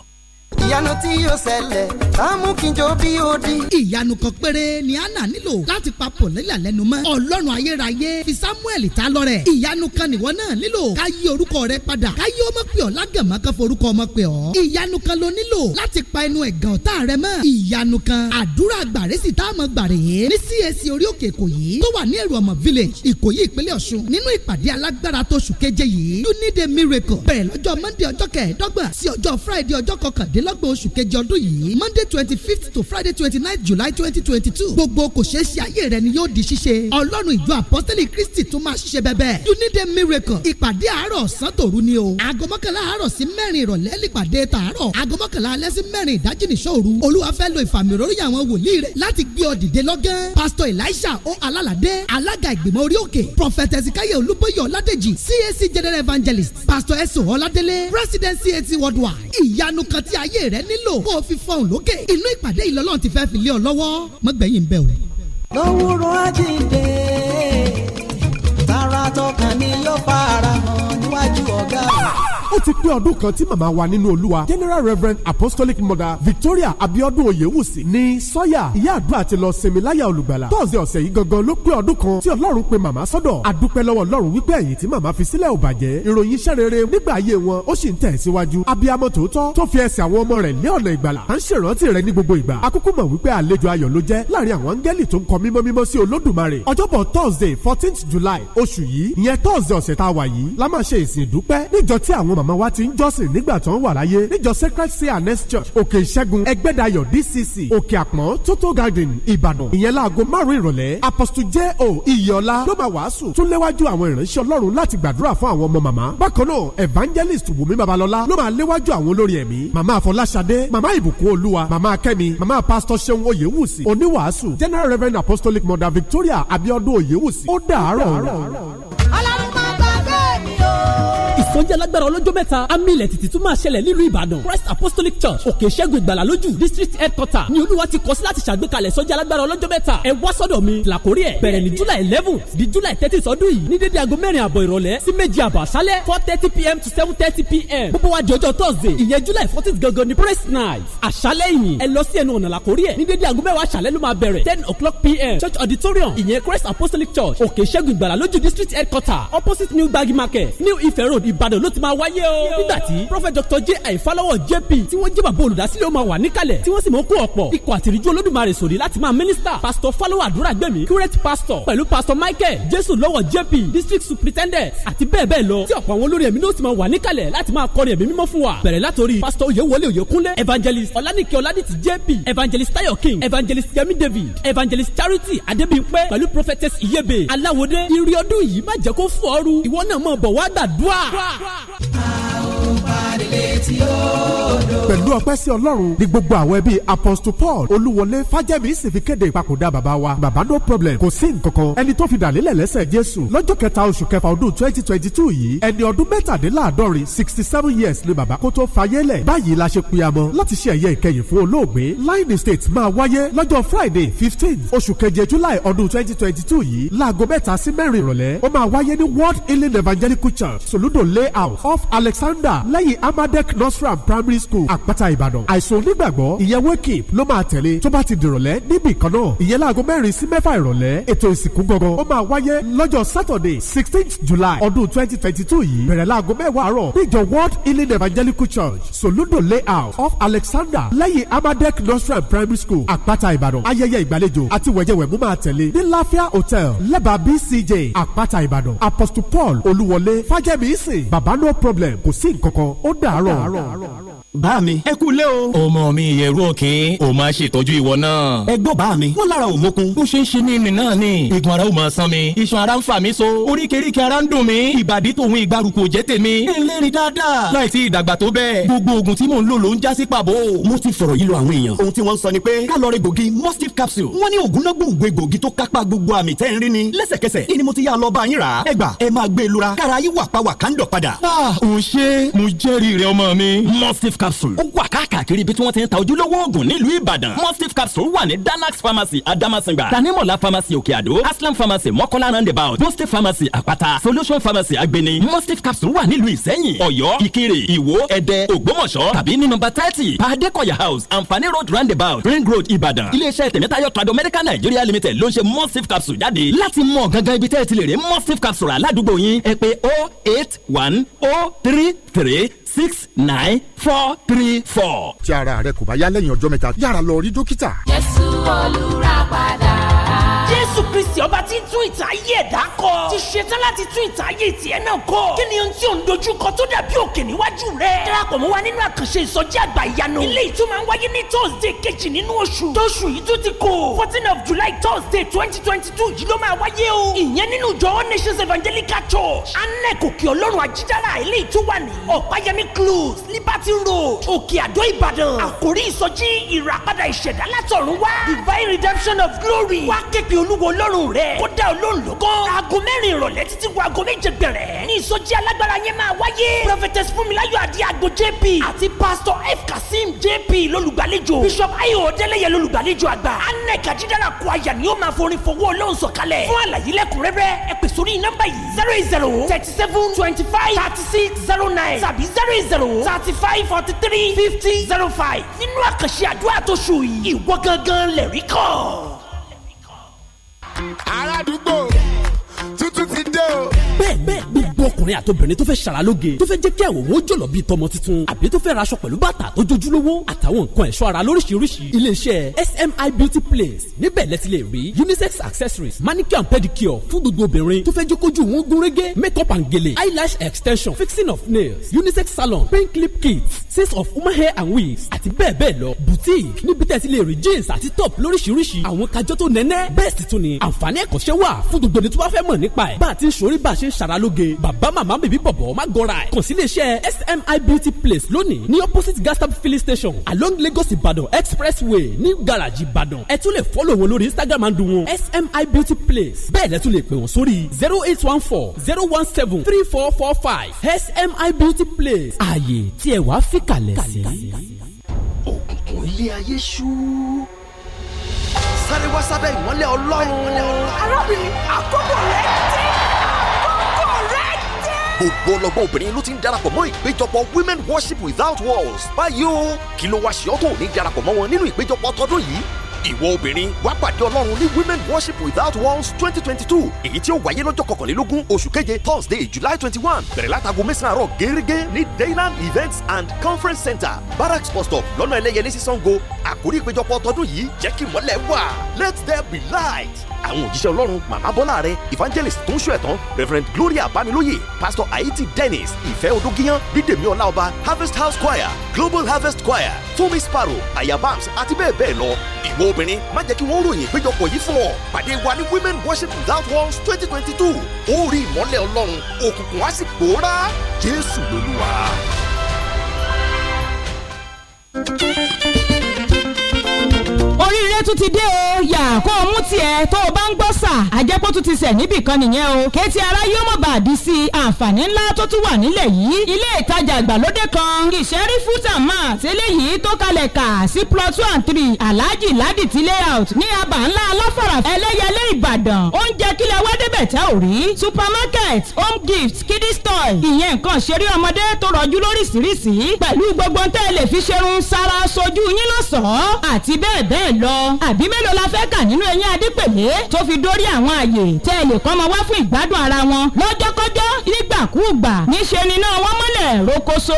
ìyanu tí yóò ṣẹlẹ̀ á mú kí n jó bí ó di. ìyanu kan péré ni anna nílò láti pa pọ̀lẹ́là lẹ́nu mọ́ ọlọ́run ayérayé fi samuel ta lọ́rẹ̀ ìyanu kan nìwọ náà nílò ká yí orúkọ rẹ padà ká yí ọmọ pè ọ́ lágàmọ́ kan forúkọ ọmọ pè ọ́ ìyanu kan ló nílò láti pa ẹnu ẹ̀gàn ọ̀tá rẹ mọ́ ìyanu kan àdúrà gbàrẹ́ sì tá a mọ̀ gbàrẹ́ ní CAC orí òkè ìkòyí tó wà ní èrò ọmọ village ìkòyí ìpínlẹ̀ ọ̀ṣun nínú ìpàdé alágbára tóṣù keje yìí you need a miracle bẹ̀rẹ̀ monday ọjọ́ kẹẹ̀ẹ́dọ́gbọ̀n sí ọjọ́ friday ọjọ́ kọkàndínlẹ́ kọkànlélọ́gbọ̀n oṣù kejì ọdún yìí monday twenty fifth to friday twenty nine july twenty twenty two gbogbo kò ṣeé ṣe ayé rẹ ni yóò di ṣíṣe ọlọ́run ìjọ apọ́sítẹ́lì kristi tún máa ṣiṣẹ́ bẹ́bẹ́ you need a miracle ìpàdé àárọ̀ ọ̀sán tòru ni o aago mọ́kànlá àárọ̀ sí mẹ́rin ìrọ̀lẹ́ lìpàdé tààrọ̀ aago mọ́kànlá alẹ́ sí mẹ́rin ìdájí nìṣọ́ òru olúwa fẹ́ lo ìfàmì pastor elisha o alálàdé alága ìgbìmọ̀ orí òkè prophet ezekiel olúbóyè ọládèjì cac general evangelist pastor eso ọládélé president cac worldwide ìyanu táyé rẹ nílò kó o fi fọhùn lókè inú ìpàdé ìlọ́lọ́run ti fẹ́ fi lé ọ lọ́wọ́ mọ́gbẹ̀yìn bẹ́ẹ̀ o. lówùrọ̀ àjíǹde tààrà tọkàn ni yóò fara hàn níwájú ọ̀gá ó ti pé ọdún kan tí màmá wa nínú olúwa general reverend apostolic mother victoria abiodun oyewusi ní sọ́yà ìyá àdúrà ti lọ sinmi láyà olùgbàlà tọ́sí ọ̀sẹ̀ yìí gangan ló pé ọdún kan tí ọlọ́run pe màmá sọ́dọ̀ àdúpẹ́ lọ́wọ́ ọlọ́run wípé ẹ̀yìn tí màmá fi sílẹ̀ ò bàjẹ́ ìròyìn iṣẹ́ rere nígbà ayé wọn ó sì ń tẹ̀síwájú abiyamọ tòótọ́ tó fi ẹsẹ̀ àwọn ọmọ rẹ̀ lé ọ̀nà ìgbàlà à ń ṣèrántí rẹ̀ ní gbogbo ìgbà akókó mọ̀ wípé àlejò ayọ̀ ló jẹ́ láàrin àwọn áńgẹ́lì tó ń kọ mímọ́ mímọ́ sí olódùmarè ọjọ́bọ̀ thursday fourteenth july oṣù yìí ìyẹn thursday ọ̀sẹ̀ tá a wà yìí la máa ṣe ìsìn ìdúpẹ́ níjọ tí àwọn màmá màmá wa ti ń jọ́sìn nígbà tó ń wà láyé níjọ sacred seanes church òkè ìṣẹ́gun ẹgbẹ́dayọ̀ dcc òkè àpọ̀n tótó garden ìbàdàn ìyẹn láago márùn-ún ìrọ̀lẹ́ apostle j o iyọlá ló máa wàásù tún léwájú àwọn ìránṣẹ́ ọlọ́run láti gbàdúrà fún àwọn ọmọ màmá bákan náà evangelist wùmí babalọ́lá ló máa léwájú àwọn olórí ẹ̀mí màmá afọláṣadé màmá ìbùkún olúwa màmá kẹ́mi màmá pastor ṣeun oyèwùsì oníwàásù general reverend apostolic mother victoria abiodun oyèwùsì ó dàárọ̀ ọ̀rọ̀ ọlọ́run máa gbàgbé mi o ìsọjí alágbára ọlọ́jọ́ mẹ́ta amílẹ̀ tìtì tún máa ṣẹlẹ̀ nílùú ìbàdàn christ apostolic church òkè ìṣẹ́gun ìgbàlà lójú district headquarter ni olúwa ti kọ́ sí láti ṣàgbékalẹ̀ ìsọjí alágbára ọlọ́jọ́ mẹ́ta ẹ wá sọ́dọ̀ mi làkórí ẹ̀ bẹ̀rẹ̀ ní july eleven di july thirty sọ́dún yìí ní dédé aago mẹ́rin àbọ̀ ìrọ̀lẹ́ sí méjì àbọ̀ àṣálẹ́ four thirty pm to seven thirty pm gbogbo wa jọjọ thursday ìyẹn july fourteen gangan ni praise night àṣálẹ́ yìí ẹ lọ sí ẹnu ọ̀nà làkórí ẹ̀ ní dédé aago ten o'clock pm church auditorium ìyẹn christ apostolic church òkè ìṣẹ́gun district headquarter opposite new gbagi market new ife road ìb ìbàdàn ló ti máa wáyé o. nígbà tí prọfẹ̀t dr j àìfàlọ́wọ̀ jp tí wọ́n jẹ́ bàbá olùdásílẹ̀ ó máa wà níkàlẹ̀ tí wọ́n sì mọ̀ kó ọ̀pọ̀ ikọ̀ àtìrìjú olódùmarè sòrí láti máa mínísítà pásítọ̀ fálọ́wọ̀ àdúràgbẹ̀mí curate pastor pẹ̀lú pastor michael jésù lọ́wọ̀ jp district superintendent àti bẹ́ẹ̀ bẹ́ẹ̀ lọ tí ọ̀pọ̀ àwọn olórí ẹ̀mí ló ti máa wà níkàlẹ̀ láti máa kọrin ẹ̀mí mímọ́ fún wa bẹ̀rẹ̀ látòrí pastor oyewole oyekunle evangelist ọlánìkẹ́ ọládìtì jp evangelist tayo evangelist yemi david evangelist charity adébíyìnpẹ́ pẹ̀lú prophetess iyebe aláwọ̀dé ìrìn ọdún yìí má jẹ́ kó fọ́ọ̀rù ìwọ pẹ̀lú ọpẹ́ sí ọlọ́run ní gbogbo àwọn ẹbí apostle paul olúwọlé fájẹ́mi sì fi kéde ìpapòdà bàbá wa bàbá no problem kò sí nǹkankan ẹni tó fi dàlílẹ̀ lẹ́sẹ̀ jésù lọ́jọ́ kẹta oṣù kẹfà ọdún twenty twenty two yìí ẹni ọdún mẹ́tàdínláàdọ́rin sixty seven years ni bàbá kó tó fayé lẹ̀ báyìí la ṣe pìyàmọ́ láti ṣe ẹ̀yẹ ìkẹyìn fún olóògbé line state máa wáyé lọ́jọ́ friday fifteen oṣù keje july ọdún twenty twenty two yìí láago mẹ́ta sí mẹ́rin ìrọ̀lẹ́ ó máa wáyé ní world healing evangelical church soludo lé Layout of alexander lẹ́yìn amadek nursery primary school àpáta ìbàdàn àìsàn onígbàgbọ́ ìyẹn wake up ló máa tẹ̀lé tó bá ti dìrọ̀lẹ́ níbì kan náà ìyẹn láago mẹ́rin sí mẹ́fà ìrọ̀lẹ́ ètò ìsìnkú gangan ó máa wáyé lọ́jọ́ saturday sixteenth july ọdún twenty twenty two yìí bẹ̀rẹ̀ láago mẹ́wàá àárọ̀ níjọ world healing evangelical church soludo layout of alexander lẹ́yìn amadek nursery primary school àpáta ìbàdàn ayẹyẹ ìgbàlejò àti wẹ̀jẹ̀wẹ̀mú máa tẹ̀lé ní lafia hotel lẹ́bàá bcj àpáta ìbàdàn apostle paul olúwọlé fájẹ́mi ìsìn bàbá no problem kò sí nǹkan kan ó dàárọ̀. bá mi ẹ kú lé o. ọmọ mi ìyẹ̀rú òkè ò máa ṣètọ́jú ìwọ náà. ẹ gbọ́ bá wọ́n lára ò mókun. ó ṣe ń ṣe ní ìrìn náà ni igun ara ò máa san mi iṣan ara ń fà mí so oríkèéríkèé ara ń dùn mí ìbàdí tòun ìgbàrúkọ jẹ́ tèmi. eléyìí dáadáa láì sí ìdàgbà tó bẹ́ẹ̀ gbogbo oògùn tí mò ń lò ló ń já sí pàbó. mo ti fọ̀rọ̀ yìí lọ àwọn èèyàn. ohun capsule. wọ́n ní ògùn náà gbòǹgbò egbògi tó kápá gbogbo àmì tẹ́ ń rí ni lẹ́sẹ̀kẹsẹ̀ ni e lura kára yín wà padà. ó ah, ṣe mo jẹ́rìí rẹ ọmọ mi. mustif capsule ó wà káàkiri ibi tí wọ́n ti ń ta ojúlówó oògùn nílùú ìbàdàn mustif capsule wà ní danax pharmacy adamasingba tanimola pharmacy òkè àdó aslam pharmacy mọ́kànlá roundabout mustif pharmacy àpáta solution pharmacy agbeni mustif capsule wà nílùú ìsẹ́yìn ọ̀yọ́ ìkirè ìwó ẹ̀dẹ́ ògbómọ̀ṣọ́ tàbí ní nọ́mbà thirty pàdékọ̀yà house anfani road roundabout ring road ìbàdàn iléeṣẹ́ tẹ̀mẹ́tayọ̀ trado medical nigeria limited ló ń ṣe mustif capsule jáde láti mọ̀ gangan ibi tẹ́ẹ̀ ti lè rí mustif capsule aládùúgbò yín ẹ pè 081 one oh three three six nine four three four. tí ara rẹ kò bá yá lẹ́yìn ọjọ́ mẹ́ta yára lọ rí dókítà. Jésù olùràpadà jésù kristi ọba tí ń tún ìtàn ayé ẹ̀dá kọ ti ṣetán láti tún ìtàn ayé tiẹ̀ náà kọ kí ni ohun tí ò ń dojú kọ tó dàbí òkè níwájú rẹ darapọ̀ mọ́ wa nínú àkànṣe ìsọjí àgbà ìyanu ilé ìtumọ̀ ń wáyé ní thursday kejì nínú oṣù tóṣù yìí tún ti kò fourteen of july thursday twenty twenty two yìí ló máa wáyé o ìyẹn nínú ìjọ all nations evangelical church anec òkè ọlọ́run àjídára ilé ìtúwà ní ọ̀páyẹmí close liberty road òkè àdó ìbàdàn àkórí ìsọjí ìràpadà ìṣẹ̀dá látọ̀run wá divine redemption of glory wá képe olúwo olúwo ọlọ́run rẹ̀ kó dá olóhùn lóko. aago mẹ́rin ìrọ̀lẹ́ títí wo aago méje gbẹ̀rẹ̀. ní ìsọjí alágbára yẹn máa wáyé. prophetess fúnmiláyọ̀ adéagbo jp àti pastor f kasim jp lólùgbàlejò. bishop ayo ọ̀dẹ́lẹ̀yẹ lólùgbàlejò àgbà. anec adidara kó aya ni ó máa forin fowó ọlọ́run sọ̀kalẹ̀. fún àlàyé lẹ́kùnrẹ́rẹ́ ẹ pè sórí nọ́mbà yìí. zero eight zero thirty seven twenty five thirty six zero nine tàbí zero eight zero thirty five forty three fifty zero five. nínú àkànṣe àdúrà tó ṣù yìí ìwọ gangan lẹ̀rí kàn aládùúgbò tuntun ti dé o. bẹ́ẹ̀ bẹ́ẹ̀ gbogbo ọkùnrin àti tó fẹ́ ṣàralóge tó fẹ́ jẹ́ kí àwòrán ó jọ̀lọ̀ bíi tọmọ tuntun àbí tó fẹ́ raṣọ pẹ̀lú bàtà tó jojúlówó àtàwọn nǹkan ẹ̀ṣọ́ ara lóríṣiríṣi iléeṣẹ́ SMI beauty place níbẹ̀ lẹ́tí lè rí unisex accessories manicure and pedicure fún gbogbo obìnrin tó fẹ́ jẹ́ kójú wọn gún make up and gèlè eyelash extension fixing of nails unisex salon pink clip kits sets of woman hair and wigs àti bẹ́ẹ̀ bẹ́ẹ̀ lọ boutique níbi tẹ́tí lè jeans àti top lóríṣiríṣi àwọn kájọ tó nẹ́nẹ́ bẹ́ẹ̀ sì tún ni àǹfààní ẹ̀kọ́ṣẹ́ wà fún gbogbo ẹni tó bá fẹ́ mọ̀ bàbá màmá bèbí bọ̀bọ̀ má gọra ẹ̀ kàn sí iléeṣẹ́ SMI Beauty Place lónìí ní opposite gas stop filling station along Lagos Ìbàdàn expressway ní garage Ìbàdàn ẹ tún lè fọ́lọ̀ wọn lórí Instagram handle wọn SMI Beauty Place bẹ́ẹ̀ lẹ́tún lè pè wọ́n sórí zero eight one four zero one seven three four four five SMI Beauty Place ààyè tí ẹ wàá fi kalẹ̀ sí. òkùnkùn ilé ayé ṣú sáré wá sábẹ́ ìmọ́lẹ̀ ọlọ́run arábìnrin àkókò rẹ̀ tẹ́ gbogbo ọlọ́gbọ́n obìnrin ló ti ń darapọ̀ mọ́ ìpéjọpọ̀ women worship without walls báyìí o kí ló wá ṣe ọ́ tó ní darapọ̀ mọ́ wọn nínú ìpéjọpọ̀ tọdún yìí ìwọ obìnrin wá pàdé ọlọ́run ní women worship without walls twenty twenty two èyí tí ó wáyé lọ́jọ́ kọkànlélógún oṣù keje thursday july twenty one bẹ̀rẹ̀ látago mẹ́sàn-án àárọ̀ gẹ́gẹ́ ní dayland events and conference center barracks bus stop lọ́nà ẹlẹ́yẹlé sí sango àkórí ìpéjọpọ̀ tọdún yìí jẹ́ kí mọ́lẹ̀ wà let there be light àwọn òjíṣẹ́ ọlọ́run màmá bọ́lá rẹ evangelist tó ń ṣọ́ ẹ̀tàn reverend gloria bamiloye pastor haiti dennis ìfẹ́ odógíyán bídèmí ọláọba harvest house choir global harvest choir fúnmi sparrow ayabams àti bẹ́ẹ̀ bẹ́ẹ̀ lọ ìwọ obìnrin má jẹ́ kí wọ́n ròyìn ìpéjọpọ̀ yìí fún ọ pàdé wa ní women worship without walls twenty twenty two ó rí ìmọ́lẹ̀ ọlọ́run òkùnkùn á sì pòórá jésù lolúwa oríire tún ti dé o yà kó o mú tiẹ̀ tó o bá ń gbọ́ sà àjẹpọ̀ tún ti sẹ̀ níbì kan nìyẹn o kétí ara yóò mọ̀ bá a di sí i àǹfààní ńlá tó tún wà nílẹ̀ yìí ilé ìtajà àgbàlódé kan ìṣẹ́rí food and mart eléyìí tó kalẹ̀ kà sí plot two and three alhaji laditi layout ní abà ńlá aláfàrà ẹlẹ́yẹlé ìbàdàn oúnjẹ kílẹ̀ wá débẹ̀ tẹ́ ò rí supermarket home gift kiddie store ìyẹn nǹkan ṣeré ọmọdé tó rọjú lóríṣiríṣi pẹ̀lú gbogbo tẹ́ ẹ lè fi ṣerun sára sojú yín lọ́sọ̀ọ́ àti bẹ́ẹ̀ lọ àbí mélòó la fẹ́ kà nínú eyín adípèlé tó fi dórí àwọn àyè tẹ́ ẹ lè kọ́mọ wá fún ìgbádùn ara wọn lọ́jọ́kọ́jọ́ nígbàkúùgbà níṣe ni náà wọ́n mọ́lẹ̀ rokoṣo